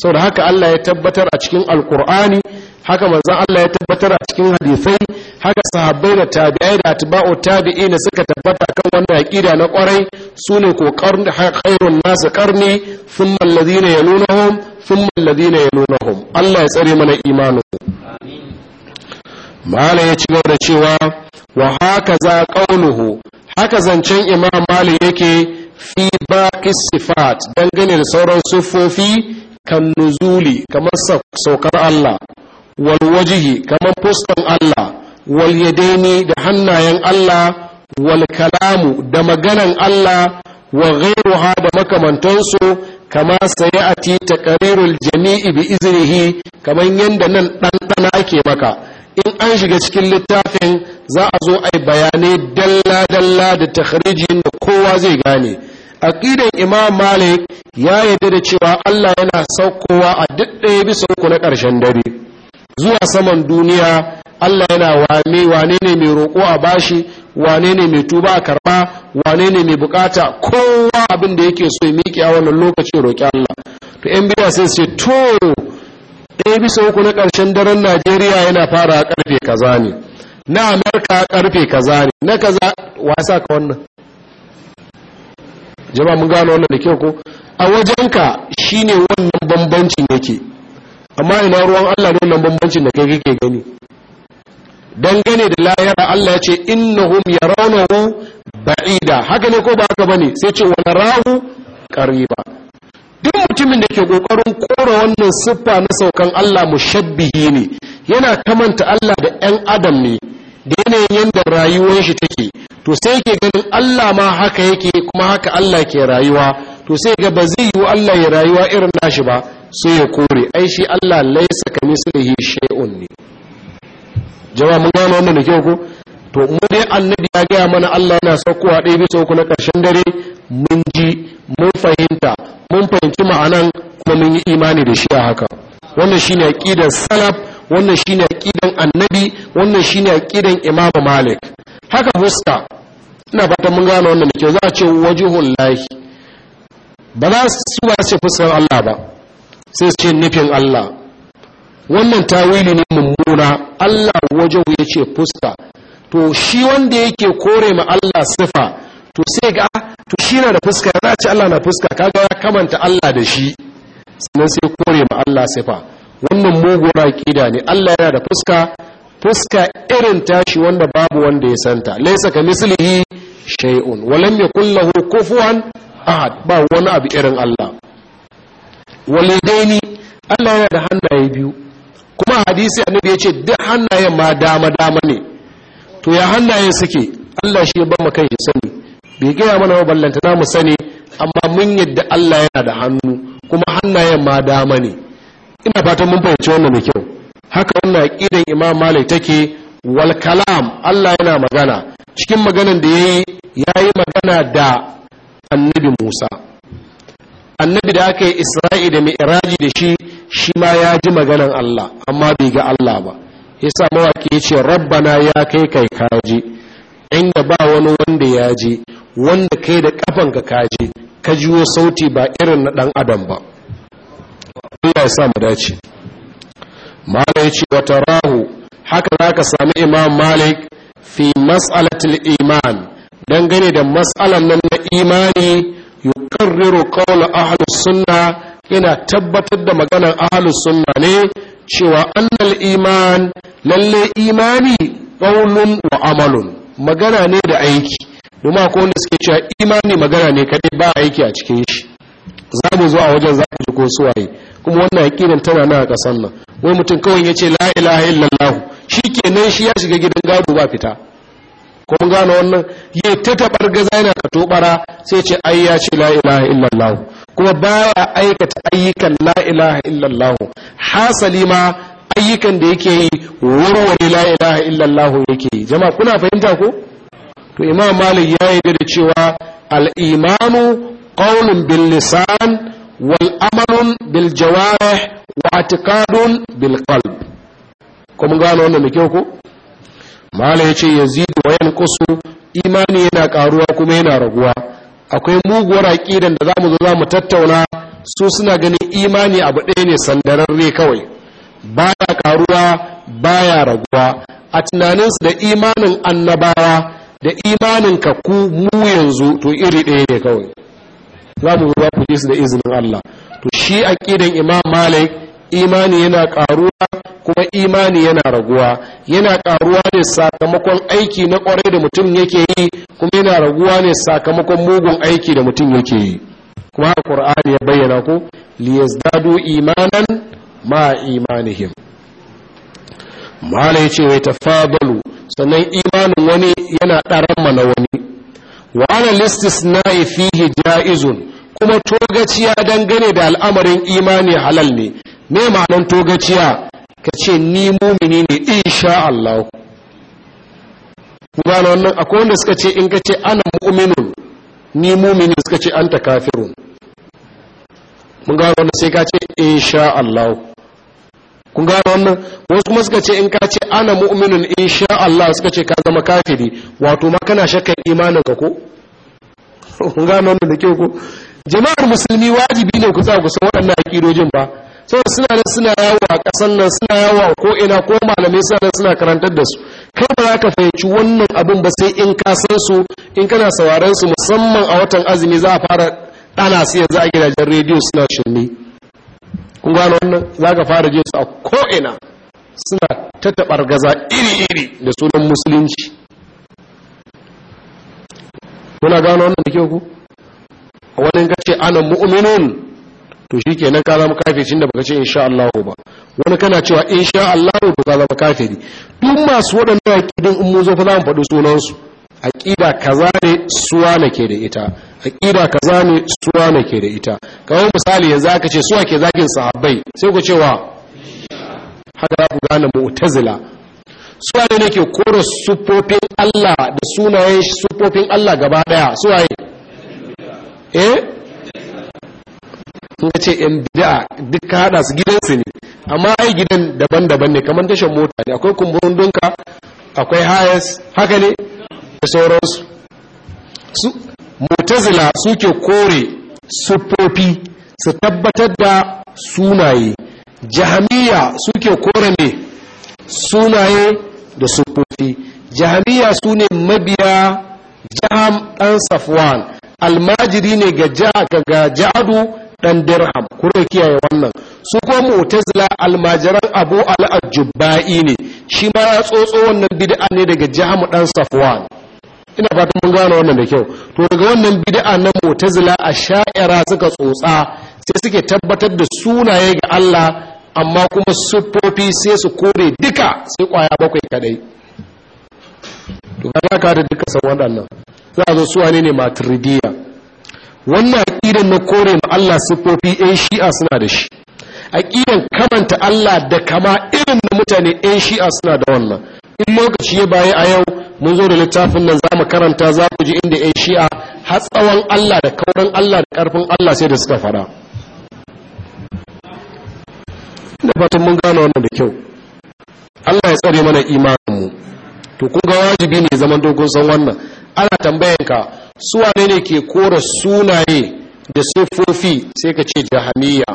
[SPEAKER 1] saboda haka Allah ya tabbatar a cikin alkur'ani haka manzon Allah ya tabbatar a cikin hadisai haka sahabbai da tabi'ai da atba'u ne suka tabbata kan wannan aqida na kwarai sune ko qarn khairun nasu qarni thumma alladhina yalunhum thumma alladhina yalunhum Allah ya tsare mana imanin mala ya ci gaba da cewa wa haka za ƙaunuhu haka zancen imam mali yake fi baki sifat dangane da sauran siffofi kan nuzuli kamar saukar Allah wal wajhi kamar fuskan Allah wal yadaini da hannayen Allah wal kalamu da maganan Allah wa ghairuha da makamantansu kama sayati taqrirul jami'i bi iznihi kamar yanda nan ɗanɗana ake maka in an shiga cikin littafin za a zo a bayanai dalla-dalla da takharijin da kowa zai gane aqidan imam malik ya yarda da cewa Allah yana saukowa a duk ɗaya bisa uku na ƙarshen dare zuwa saman duniya Allah yana wane wane ne mai roƙo a bashi wane ne mai tuba a karɓa, wane ne mai bukata kowa abin da yake so ya miƙe a wannan lokacin roƙi Allah to yan biya sai ce to ɗaya bisa uku na ƙarshen daren najeriya yana fara a ƙarfe kaza ne na amurka ƙarfe kaza ne na kaza wasa ka wannan jama'a mun gano wannan da kyau ko a wajenka shine wannan bambancin yake amma ina ruwan allah ne wannan bambancin da kai ke gani dangane da layara allah ya ce innahum hu ba'ida haka ne ko ba haka bane sai ce wani rahu ba duk mutumin da ke kokarin kora wannan siffa na saukan Allah mu shabbihi ne yana kamanta Allah da ɗan adam ne da yanayin yadda rayuwar shi take to sai ke ganin Allah ma haka yake kuma haka Allah ke rayuwa to sai ga ba zai yi Allah ya rayuwa irin nashi ba sai ya kore ai shi Allah laisa kamislihi shay'un ne jama'a mun gano wannan da kyau ko to mu dai annabi ya gaya mana Allah yana saukowa ɗaya bisa uku na ƙarshen dare mun ji mun fahimta mun fahimci ma'anan kuma mun yi imani da shi a haka wannan shine aqidar salaf wannan shine aqidan annabi wannan shine aqidan imam malik haka fuska ina fatan mun gane wannan kyau za a ce wajhul lahi ba za su ba ce fuskar Allah ba sai su ce nufin Allah wannan tawili ne mummuna Allah wajen yace ce fuska to shi wanda yake kore ma Allah sifa to sai ga to shi na da fuska za ce Allah na fuska kaga ya kamanta Allah da shi sannan sai kore ma Allah sifa wannan muguwar aqida ne Allah yana da fuska fuska irin tashi wanda babu wanda ya santa laysa ka mislihi shay'un wa lam yakul lahu kufuwan ahad ba wani abu irin Allah walidaini Allah yana da hannaye biyu kuma hadisi annabi ya ce duk hannayen ma dama dama ne to ya hannayen suke Allah shi ya ba mu kai shi sani bai gaya mana ba ballanta na mu sani amma mun yadda Allah yana da hannu kuma hannayen ma dama ne ina fatan mun fahimci wannan mai kyau haka wannan aqidan Imam Malik take wal kalam Allah yana magana cikin maganan da yayi yayi magana da annabi Musa annabi da aka yi Isra'i da Mi'raji da shi shi ma ya ji maganan Allah amma bai ga Allah ba yasa mawaki yace rabbana ya kai kai kaji inda ba wani wanda ya ji wanda kai da ka kaji ka jiwo sauti ba irin na dan adam ba Allah ya sa mu dace malai yace wa tarahu haka zaka sami imam malik fi masalatil iman dangane da mas'alan nan na imani yukarriru qawla ahlus sunna yana tabbatar da maganar ahlus sunna ne cewa annal iman lalle imani qaulun wa amalun magana ne da aiki domin akwai wanda suke cewa imani magana ne kadai ba aiki a cikin shi za mu zo a wajen za ji ko suwaye kuma wannan aqidan tana nan a kasan nan wai mutum kawai yace ce la ilaha illallah shikenan shi ya shiga gidan gado ba fita ko mun gane wannan ya ta tabar gaza yana ka tobara sai ce ai ya ce la ilaha illallah kuma baya aikata ayyukan la ilaha illallah hasali ma ayyukan da yake yi warware la ilaha illallah yake yi jama'a kuna fahimta ko to imam malik ya yi da cewa al-imanu qawlun bil lisan wal bil jawarih wa i'tiqadun bil qalb kuma gano wannan mai kyau ko malik ya ce yazidu wa yanqusu imani yana karuwa kuma yana raguwa akwai muguwar aƙidan da za mu zo za mu tattauna su suna ganin imani abu ɗaya ne ne kawai baya karuwa baya raguwa a tunaninsu da imanin annabawa da imanin ka ku mu yanzu to iri ɗaya ne kawai za mu zo za ku ji su da izinin Allah to shi aƙidan imam malik imani yana ƙaruwa kuma imani yana raguwa yana ƙaruwa ne sakamakon aiki na ƙwarai da mutum yake yi kuma yana raguwa ne sakamakon mugun aiki da mutum yake yi kuma alƙur'ani ya bayyana ko liyazdadu imanan ma imanihim malai ce wai tafadalu sannan imanin wani yana ɗaran mana wani wa ana na fihi ja'izun kuma togaciya dangane da al'amarin imani halal ne Ne ma'anan togaciya ka ce ni mumini ne insha Allah gano wannan akwai wanda suka ce in ka ce ana mu'minun ni mumini suka ce anta kafirun mun gano wannan sai ka ce insha Allah kun gano wannan wasu kuma suka ce in ka ce ana mu'minun insha Allah suka ce ka zama kafiri wato ma kana shakkar imanin ka ko kun gano wannan da kyau ko jama'ar musulmi wajibi ne ku tsaya ku san waɗannan aƙidojin ba sau suna da suna yawo a kasan nan suna yawo a ko'ina ko malamai suna da suna karantar da su kai ba za ka fahimci wannan abin ba sai in ka san su in kana sauraron su musamman a watan azumi za a fara ɗana su yanzu a gidajen rediyo suna shirme kun gano wannan za ka fara jin su a ko'ina suna ta taɓar gaza iri-iri da sunan musulunci kuna gano wannan da kyau ku wani ka ce ana mu'minun to shi kenan ka zama kafircin da baka ce insha Allah ba wani kana cewa insha Allah to ka zama kafiri duk masu waɗannan aqidin in mun zo fa za mu faɗi sunansu aqida kaza ne suwa na ke da ita aqida kaza ne suwa na ke da ita kawai misali yanzu aka ce suwa ke zakin sahabbai sai ku cewa haka ku gane mu'tazila suwa ne ke kora sufofin Allah da sunayen sufofin Allah gaba daya suwaye eh in ce yan bid'a duk ka hada su gidansu ne amma ai gidan daban-daban ne kamar tashar mota ne akwai kumburin dunka akwai hayas haka ne da sauransu su mutazila suke kore sufofi su tabbatar da sunaye jahamiya suke kore ne sunaye da sufofi jahamiya su ne mabiya jaham ɗan safwan almajiri ne ga ja'adu Ɗan dirham kure kiyaye wannan su kuma mu'tazila almajiran abu al-ajubba'i ne shi ma ya tsotso wannan bid'a ne daga jahamu dan safwan ina fatan mun gane wannan da kyau to daga wannan bid'a na mu'tazila a sha'ira suka tsotsa sai suke tabbatar da sunaye ga Allah amma kuma siffofi sai su kore duka sai kwaya bakwai kadai to ga ka da duka san waɗannan za a zo su wane ne maturidiyya wannan aƙidan na kore ma Allah siffofi ɗan shi'a suna da shi aƙidan kamanta Allah da kama irin na mutane ɗan shi'a suna da wannan in lokaci ya baya a yau mun zo da littafin nan za mu karanta za ku ji inda ɗan shi'a hatsawan Allah da kauran Allah da ƙarfin Allah sai da suka fara da fatan mun gane wannan da kyau Allah ya tsare mana imaninmu to kun ga wajibi ne zaman dogon san wannan ana tambayanka wane ne ke kora sunaye da siffofi sai ka ce jahamiya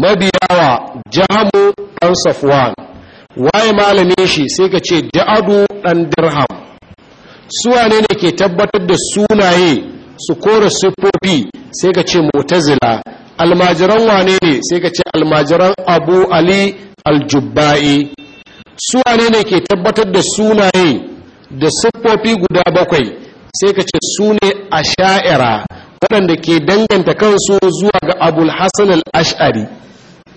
[SPEAKER 1] mabiyawa jahamu ɗan safwan waye malame shi sai ka ce da'adu ɗan dirham wane ne ke tabbatar da sunaye su kora siffofi sai ka ce mutazila almajiran wane ne sai ka ce almajiran abu ali aljubba'i wane ne ke tabbatar da sunaye da siffofi guda bakwai sai ka ce su ne a sha'ira waɗanda ke danganta kansu zuwa ga abul hassan al'ash'ari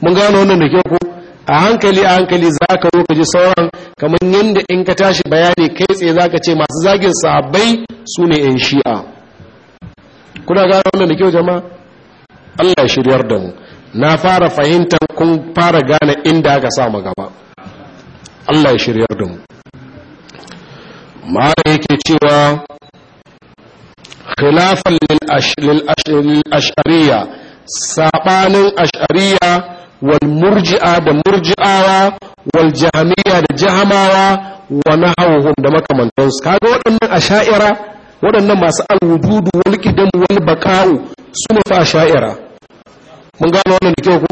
[SPEAKER 1] mun gano wannan da kyau ko a hankali a hankali za ka zo ka ji sauran kamar yadda in ka tashi bayani kai tsaye za ka ce masu zagin sahabbai su ne 'yan shi'a kuna gano wannan da kyau jama'a allah shiryar da mu na fara fahimtar kun fara gane inda aka sa gaba allah shiryar da mu mara yake cewa khilafan lil saɓanin ash'ariya wal murji'a da murji'awa wal jahmiya da jahmawa wa nahawhum da makamantansu kaga waɗannan asha'ira waɗannan masu alwujudu wal qidam wal baka'u su ne fa asha'ira mun gano wannan da kyau ko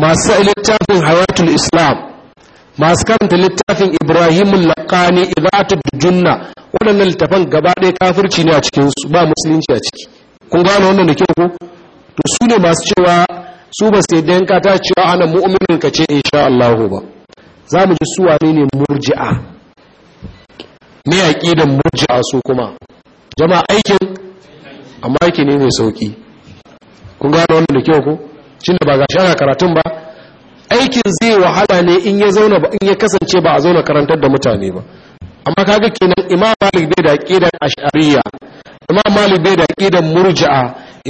[SPEAKER 1] masu littafin hayatul islam masu karanta littafin ibrahim lakani ibatu junna waɗannan littafan gaba ɗaya kafirci ne a cikin su ba musulunci a ciki kun gano wannan da kyau ko to su ne masu cewa su ba sai dan ka ta cewa ana mu'minin ka ce insha Allah ba za mu ji su wane ne murji'a me aqidan murji'a su kuma jama'a aikin amma aiki ne mai sauki kun gano wannan da kyau ko da ba gashi ana karatun ba aikin zai wahala ne in ya zauna in ya kasance ba a zauna karantar da mutane ba amma kaga kenan imam malik bai da aqidar ash'ariyya imam malik bai da aqidar murji'a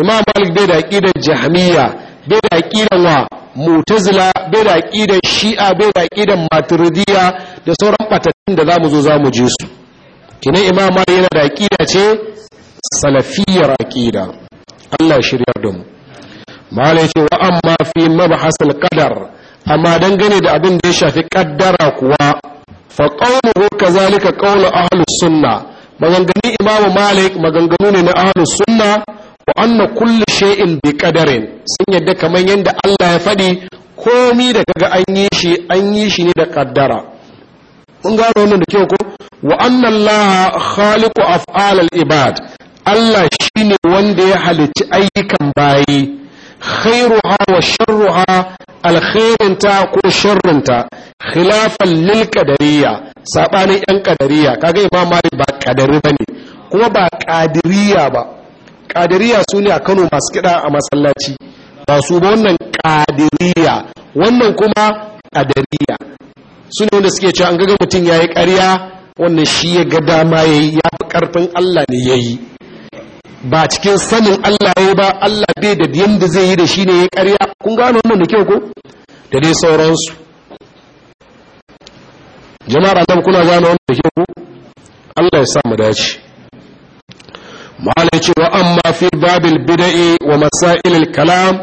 [SPEAKER 1] imam malik bai da aqidar jahmiyya bai da aqidar wa mu'tazila bai da aqidar shi'a bai da aqidar maturidiyya da sauran patattun da zamu zo zamu je su kenan imam malik yana da aqida ce salafiyyar aqida Allah shiryar da mu malai ce wa amma fi mabhasil qadar amma dangane da abin da ya shafi kaddara kuwa fa qawluhu kazalika qawlu ahlus sunna maganganun imam malik maganganu ne na ahlus sunna wa anna kulle shay'in bi qadarin sun yadda kamar yadda Allah ya faɗi komi da kaga an yi shi an yi shi ne da kaddara mun gano wannan da kyau ko wa anna Allah khaliqu af'al al ibad Allah shine wanda ya halicci ayyukan bayi khairuha wa sharruha alkhairinta ko sharrinta khilafan lil qadariyya sabanin yan qadariyya kaga imam malik ba qadari bane kuma ba qadiriyya ba qadiriyya sune a Kano masu kida a masallaci ba su ba wannan qadiriyya wannan kuma qadariyya sune wanda suke cewa an ga mutum yayi ƙarya wannan shi ya ga dama yayi ya fi karfin Allah ne yayi ba cikin sanin Allah ya ba Allah bai da biyan da zai yi da shi ne ya karya kun gano mun da kyau ko da dai sauransu jama'ar Allah kuna gano wannan da kyau ko Allah ya sa mu dace malai cewa wa amma fi babil bid'i wa masa'il kalam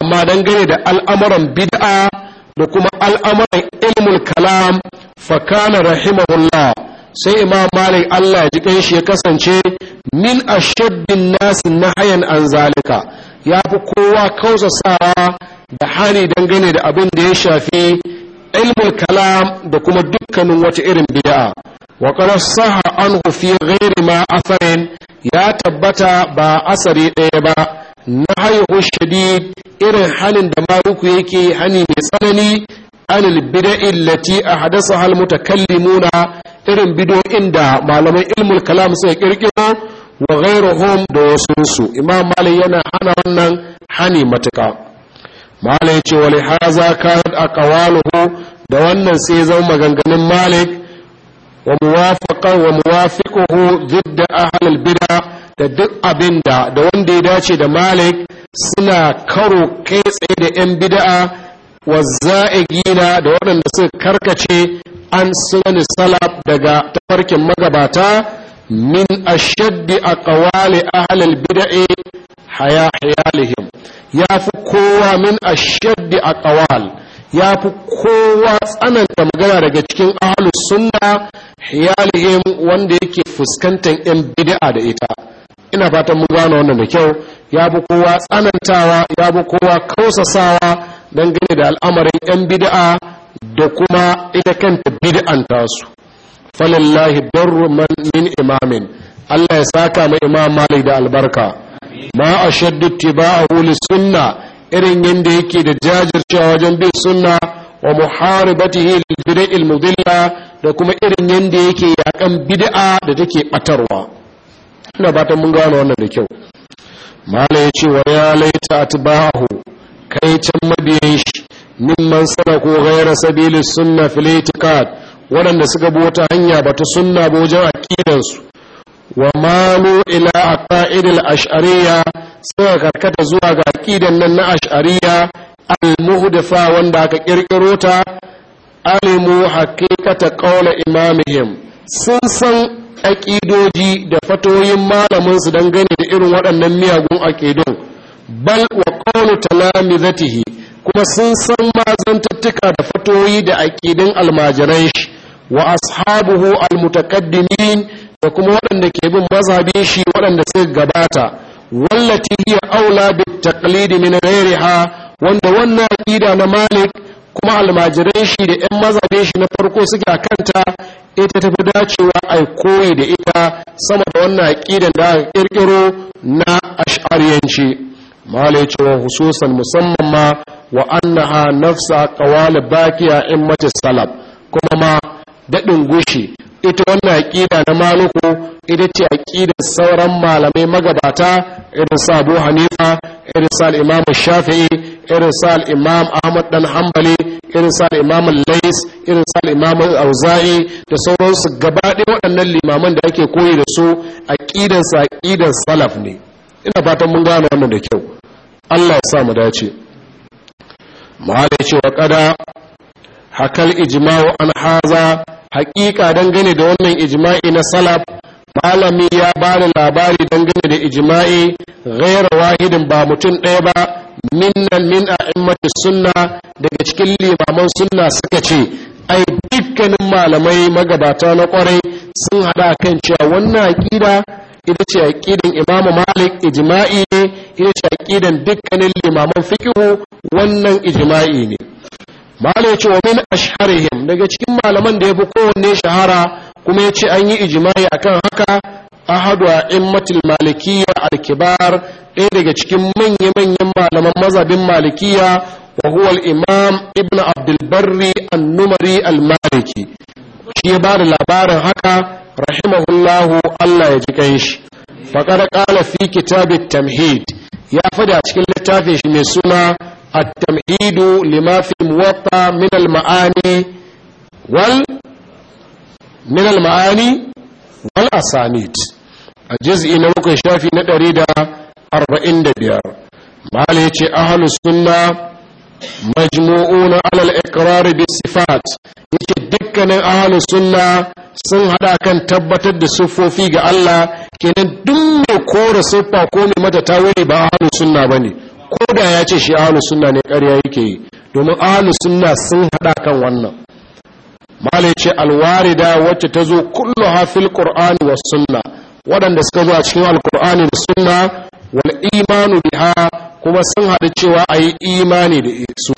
[SPEAKER 1] amma dangane da al'amuran bid'a da kuma al'amuran ilmul kalam fa kana rahimahullah sai imam malik allah ya ji kanshi ya kasance min ashaddin nasi na an zalika ya fi kowa kausasawa da hani dangane da abin da ya shafi ilmul kalam da kuma dukkanin wata irin bid'a wa qala saha anhu fi ghairi ma asarin ya tabbata ba asari ɗaya ba Na nahayuhu shadid irin halin da maruku yake hani mai tsanani anil bid'a allati ahdathaha al mutakallimuna irin bidoyin da malaman ilmul kalam suka kirkira wa ghairuhum da wasu su imam malik yana hana wannan hani matuka malik ya ce wa li haza kanat aqwaluhu da wannan sai zama maganganun malik wa muwafaqan wa muwafiquhu didda ahlul bid'a da duk abinda da wanda ya dace da malik suna karo kai tsaye da yan bid'a Wa za'igina da waɗanda suka karkace an sunan salaf daga tafarkin magabata min ashaddi aqwali ahli albid'i haya hayalihim fi kowa min ashaddi aqwal fi kowa tsananta magana daga cikin ahlus sunna hiyalihim wanda yake fuskantar yan bid'a da ita ina fatan mun gano wannan da kyau Ya fi kowa tsanantawa ya yafi kowa kausasawa dangane da al'amarin yan bid'a da kuma ita kanta bid'an tasu falallahi darru man min imamin Allah ya saka ma imam Malik da albarka ma ashaddu tibahu lis-sunna irin yanda yake da jajircewa wajen bin sunna wa muharibatihi lil bid'il mudilla da kuma irin yanda yake yakan bid'a da take batarwa Allah ba ta mun gano wannan da kyau Malik ya ce wa ya laita atba'ahu kai can mabiyan shi mimman salaku ghayra sabili sunna fil itiqad waɗanda suka bi wata hanya ba ta sunna ba wajen su wa malu ila aqaid al ash'ariyya suka karkata zuwa ga aqidan nan na ash'ariyya al muhdafa wanda aka kirkiro ta alimu haqiqata qawla imamihim sun san aƙidoji da fatoyin malaminsu dangane da irin waɗannan miyagun aƙidun bal wa qawlu talamizatihi kuma sun san mazantattuka da fatoyi da aƙidin almajiran shi wa ashabuhu almutakaddimin da kuma waɗanda ke bin mazhabin shi waɗanda suka gabata wallati hiya aula bit taqlid min ghairiha wanda wannan aqida na Malik kuma almajiran shi da ƴan mazhabin shi na farko suke akanta ita ta tafi dacewa ai koyi da ita sama da wannan aqidan da aka kirkiro na ash'ariyanci malai cewa hususan musamman ma wa annaha nafsa qawali baqiya in mace salaf kuma ma dadin gushi ita wannan aqida na maluku ita ce aqidar sauran malamai magabata irin sa Abu Hanifa irin sa Imam Shafi'i irin sa Imam Ahmad dan Hanbali irin sa Imam Lais irin sa Imam Auza'i da sauransu gaba waɗannan limaman da ake koyi da su aqidar sa aqidar salaf ne ina fatan mun gano wannan da kyau Allah sa mu dace malai wa kada hakal ijma'u an haza haƙiƙa dangane da wannan ijma'i na salaf malami ya ba da labari dangane da ijma'i ghaira wahidin ba mutum ɗaya ba minnan min a'immatu sunna daga cikin limaman sunna suka ce ai dukkanin malamai magabata na kwarai sun hada kan cewa wannan aqida ita ce aƙidan Imam Malik ijma'i ne ita ce aƙidan dukkanin limaman fikihu wannan ijima'i ne Malam ce wa min ashharihim daga cikin malaman da ya fi kowanne shahara kuma ya ce an yi ijima'i a kan haka ahadu a'immatul malikiyya al-kibar ɗaya daga cikin manya-manyan malaman mazhabin malikiyya Ibn Abdul ابن an numari al maliki shi ya ba da labarin haka rahimahullahu Allah ya ji kanshi faƙar ƙala fi kitabit tamhid ya fada cikin littafin shi mai suna at-tamhidu lima fi muwatta min al-ma'ani wal min al-ma'ani wal asanid a juz'i na bakwai shafi na ɗari da arba'in da biyar mahala ya ce sunna majmu'una alal iqrar bis sifat yace dukkanin ahlus sunna sun hada kan tabbatar da siffofi ga Allah kenan duk mai kora siffa ko mai mata tawili ba ahlus sunna bane ko da ya ce shi ahlus sunna ne ƙarya yake yi domin ahlus sunna sun hada kan wannan malai ce alwarida wacce ta zo kulluha fil qur'ani was sunna waɗanda suka zo a cikin alqur'ani da sunna wal imanu biha kuma sun hada cewa ayi imani da su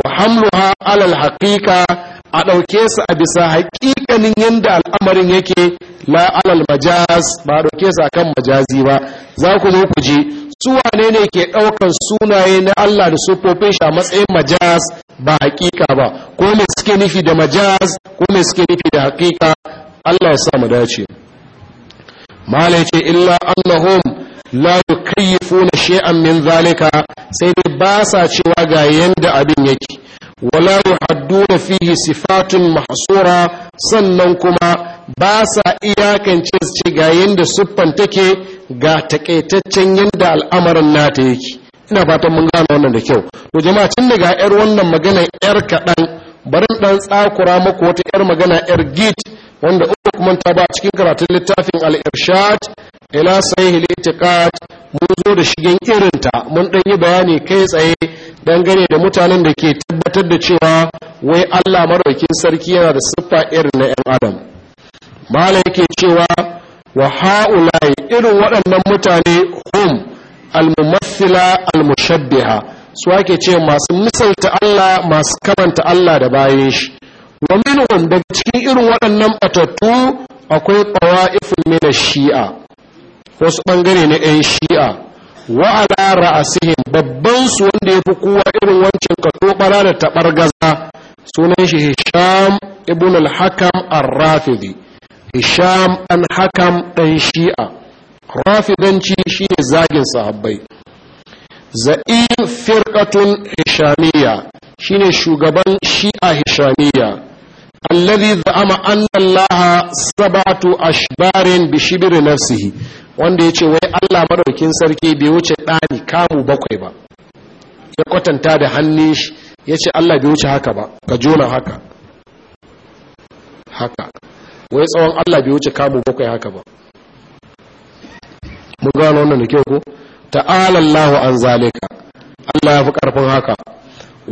[SPEAKER 1] wa hamluha alal haqiqa a ɗauke su a bisa haƙiƙanin yadda al'amarin yake la alal majaz ba a ɗauke su akan majazi ba za ku zo ku ji su wane ne ke ɗaukan sunaye na Allah da sufofin shi a matsayin majaz ba haƙiƙa ba ko me suke nufi da majaz ko me suke nufi da haƙiƙa Allah ya sa mu dace malai ce illa annahum la yukayyifuna shay'an min zalika sai dai ba sa cewa ga yanda abin yake wala yuhadduna fihi sifatun mahsura sannan kuma ba sa iyakance su ce ga yanda siffan take ga takaitaccen yanda al'amarin nata yake ina fatan mun gane wannan da kyau to jama'a tun daga yar wannan magana yar kaɗan barin ɗan tsakura maku wata yar magana yar git wanda uku kuma ta ba cikin karatun littafin al-irshad ila sahih al mun zo da shigen irinta mun ɗan yi bayani kai tsaye dangane da mutanen da ke tabbatar da cewa wai allah maraukin sarki yana da siffa irin na 'yan adam mala yake cewa wa ha'ulai irin waɗannan mutane hum almumathila almushabbiha su ake ce masu misalta allah masu kamanta allah da bayan shi wa minhum daga cikin irin waɗannan batattu akwai ƙawa'ifin mina shi'a wasu ɓangare na 'yan shi'a wa'ala ra'asihin babban su wanda ya fi kowa irin wancan bara da taɓargaza sunan shi hisham ibn al-hakam ar-rafidi hisham an hakam ɗan shi'a rafidanci shine zagin sahabbai za'in firkatun hishamiya shine shugaban shi'a hishamiya alladhi za'ama anna allaha sab'atu ashbarin bi shibri nafsihi wanda ya ce wai allah maraukin sarki bai wuce ɗani kamu bakwai ba ya kwatanta da hannun shi ya ce allah bai wuce haka ba ka jona haka haka wai tsawon allah bai wuce kamu bakwai haka ba mun gano wannan da kyau ko ta'alallahu an zalika allah ya fi karfin haka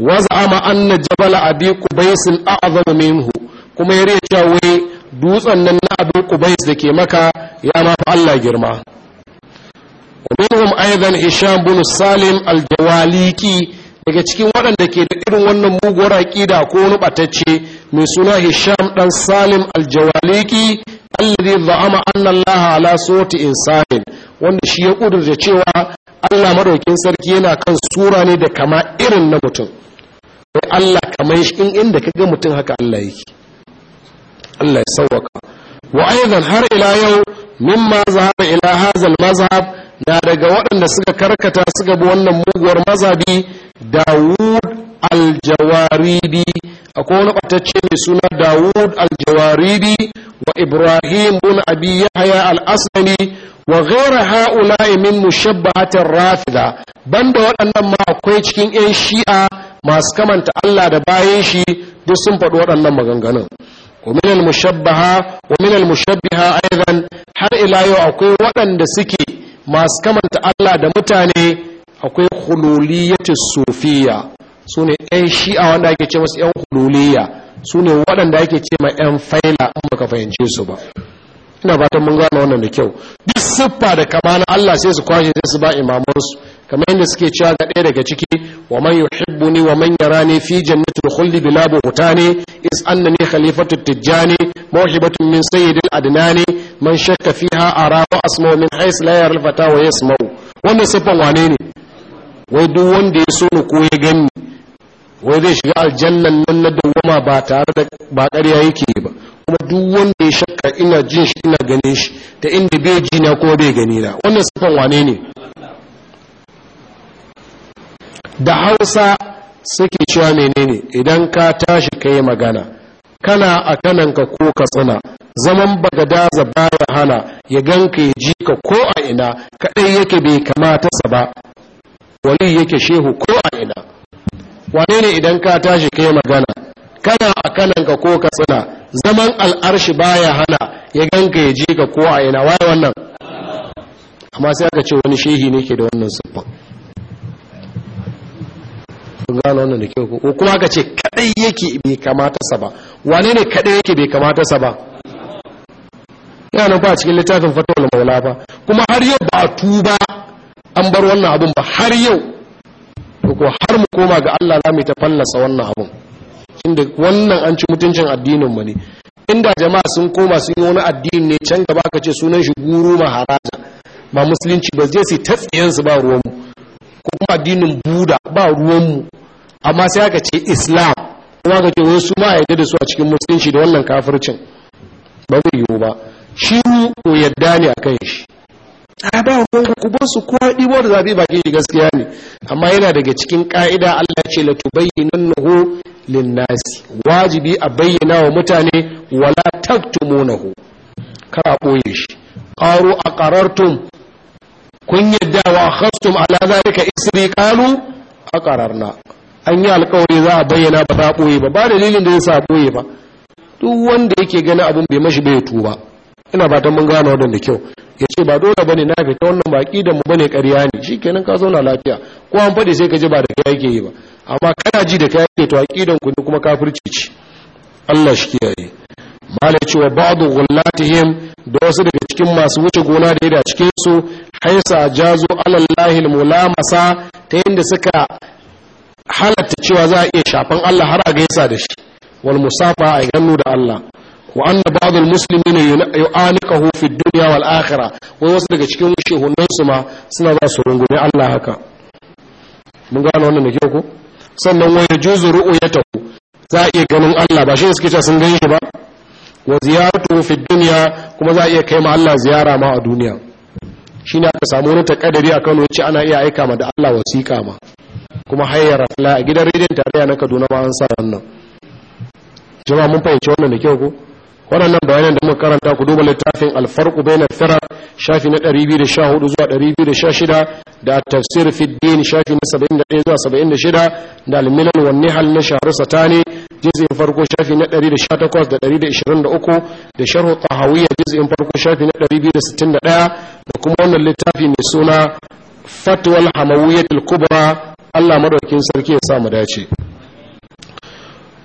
[SPEAKER 1] waza'ama anna jabala abi qubaisin a'zamu minhu kuma ya riya cewa wai dutsen nan na abi qubais dake maka ya ما Allah girma ومنهم ايضا هشام بن سالم الجواليكي daga cikin waɗanda ke da irin wannan muguwar aƙida ko wani mai suna hisham ɗan salim aljawaliki allazi za'ama anna allah ala insanin wanda shi ya ƙudurta cewa allah madaukin sarki yana kan sura ne da kama irin na mutum sai allah kamar shi in inda kaga mutum haka allah yake allah ya sauwaka wa aidan har ila yau mimma zahaba ila hazal mazhab na daga waɗanda suka karkata suka bi wannan muguwar mazhabi Dawud Aljawaribi, a akwai wani kwatacce mai suna Dawud Aljawaribi wa Ibrahim bin Abi Yahya al al'asani, wa ghayra ha'ula'i min mushabbahatir Rafida banda waɗannan ma akwai cikin 'yan Shi'a masu kamanta Allah da bayan shi duk sun faɗi waɗannan maganganun ومن المشبهة ومن المشبهة أيضا har ila yau akwai waɗanda suke masu kamanta Allah da mutane akwai hululiyatu sufiya su ne 'yan shi'a wanda ake ce wasu 'yan hululiya su waɗanda ake ce ma 'yan faila in baka fahimce su ba ina fatan mun gane wannan da kyau duk siffa da kama Allah sai su kwashe sai su ba imamansu kamar yadda suke cewa ga ɗaya daga ciki wa man yuhibbuni wa man yarani fi jannatul khuldi bila buhtani is annani khalifatu tijjani mawhibatun min sayyidil adnani man shakka fiha ara wa asma min hais la yara fata wa yasma'u wannan sifan wane ne wai duk wanda ya so ni ko ya gani wai zai shiga aljannan nan na dawwama ba tare da ba ƙarya yake ba kuma duk wanda ya shakka ina jin shi ina ganin shi ta inda bai ji na ko bai gani na wannan sifan wane ne da hausa suke cewa menene idan ka tashi ka yi magana kana a kananka ko ka tsina zaman bagadaza baya hana ya ganka ya ji ka ko a ina kaɗai yake bai kamata sa ba Wani yake shehu ko a ina wane ne idan ka tashi ka yi magana kana a kananka ko ka tsina zaman al'arshi baya hana ya ganka ya ji ka ko a ina waye wannan amma sai aka ce wani shehi ne ke da wannan siffan kun na wannan da kyau ko kuma kace ce kadai yake bai kamata sa ba wane ne kadai yake bai kamata sa ba yana ba cikin littafin fatawul maula ba kuma har yau ba tu tuba an bar wannan abun ba har yau ko har mu koma ga Allah za mu ta fallasa wannan abun inda wannan an ci mutuncin addinin mu ne inda jama'a sun koma sun yi wani addini ne can gaba ka ce sunan shi guru maharaja ba musulunci ba zai su ta su ba ruwanmu ko kuma addinin buda ba ruwan mu. amma sai aka ce islam kuma ka ce wasu ma yadda da su a cikin musulunci da wannan kafircin ba zai yiwu ba shi ko yadda ne a kan shi a ba mun ku ba su kowa ɗibo da zafi baki shi gaskiya ne amma yana daga cikin ƙa'ida Allah ce la tubayyinannahu linnasi wajibi a bayyana wa mutane wala taktumunahu kar a ɓoye shi a aqarartum kun yadda wa khastum ala zalika isri qalu aqararna an yi alkawari za a bayyana ba za a ɓoye ba ba dalilin da ya sa ɓoye ba duk wanda yake gani abin bai mashi bai tuba ina fatan mun gane wannan da kyau ya ce ba dole ba ne na fita wannan baki da mu ne ƙarya ne shi kenan ka zauna lafiya ko an faɗi sai ka ji ba da kai yake yi ba amma kana ji da kai yake to ƙidan ku ne kuma kafirci ce Allah shi kiyaye malai cewa ba'du him da wasu daga cikin masu wuce gona da yada cikin su haisa jazo alallahi almulamasa ta yanda suka halatta cewa za a iya shafan Allah har a gaisa da shi wal musafa a gannu da Allah wa anna ba'dul muslimin yu'anikahu fi dunya wal akhirah wai wasu daga cikin shehunan su ma suna za su rungume Allah haka mun gano wannan da ke ko sannan wai juzu ru'yatahu za a iya ganin Allah ba shi suke cewa sun gan shi ba wa ziyaratuhu fi dunya kuma za a iya kai ma Allah ziyara ma a duniya shine aka samu wani takadari akan ce ana iya aika ma da Allah wasiƙa ma kuma hayar fala a gidan rediyon tarayya na kaduna ba an sa wannan jama mun fahimci wannan da kyau ko waɗannan bayanan da muka karanta ku duba littafin alfarku bai na fira shafi na 214 zuwa 216 da tafsir fiddin shafi na 71 zuwa 76 da almilan wani hal na shaharu satani jizin farko shafi na 118 da 123 da sharhu tahawiyya jizin farko shafi na 261 da kuma wannan littafi mai suna fatwal hamawiyyatul kubra Allah madaukin sarki ya sa mu dace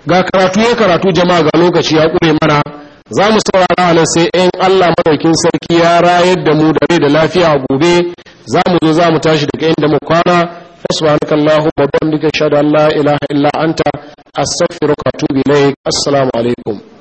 [SPEAKER 1] ga karatu ya karatu jama'a ga lokaci ya kure mana za mu saurara nan sai in Allah madaukin sarki ya rayar da mu da rai da lafiya gobe za mu zo za mu tashi daga inda mu kwana subhanaka allahumma wa bihamdika ashhadu an la ilaha illa anta astaghfiruka wa atubu ilaik assalamu alaikum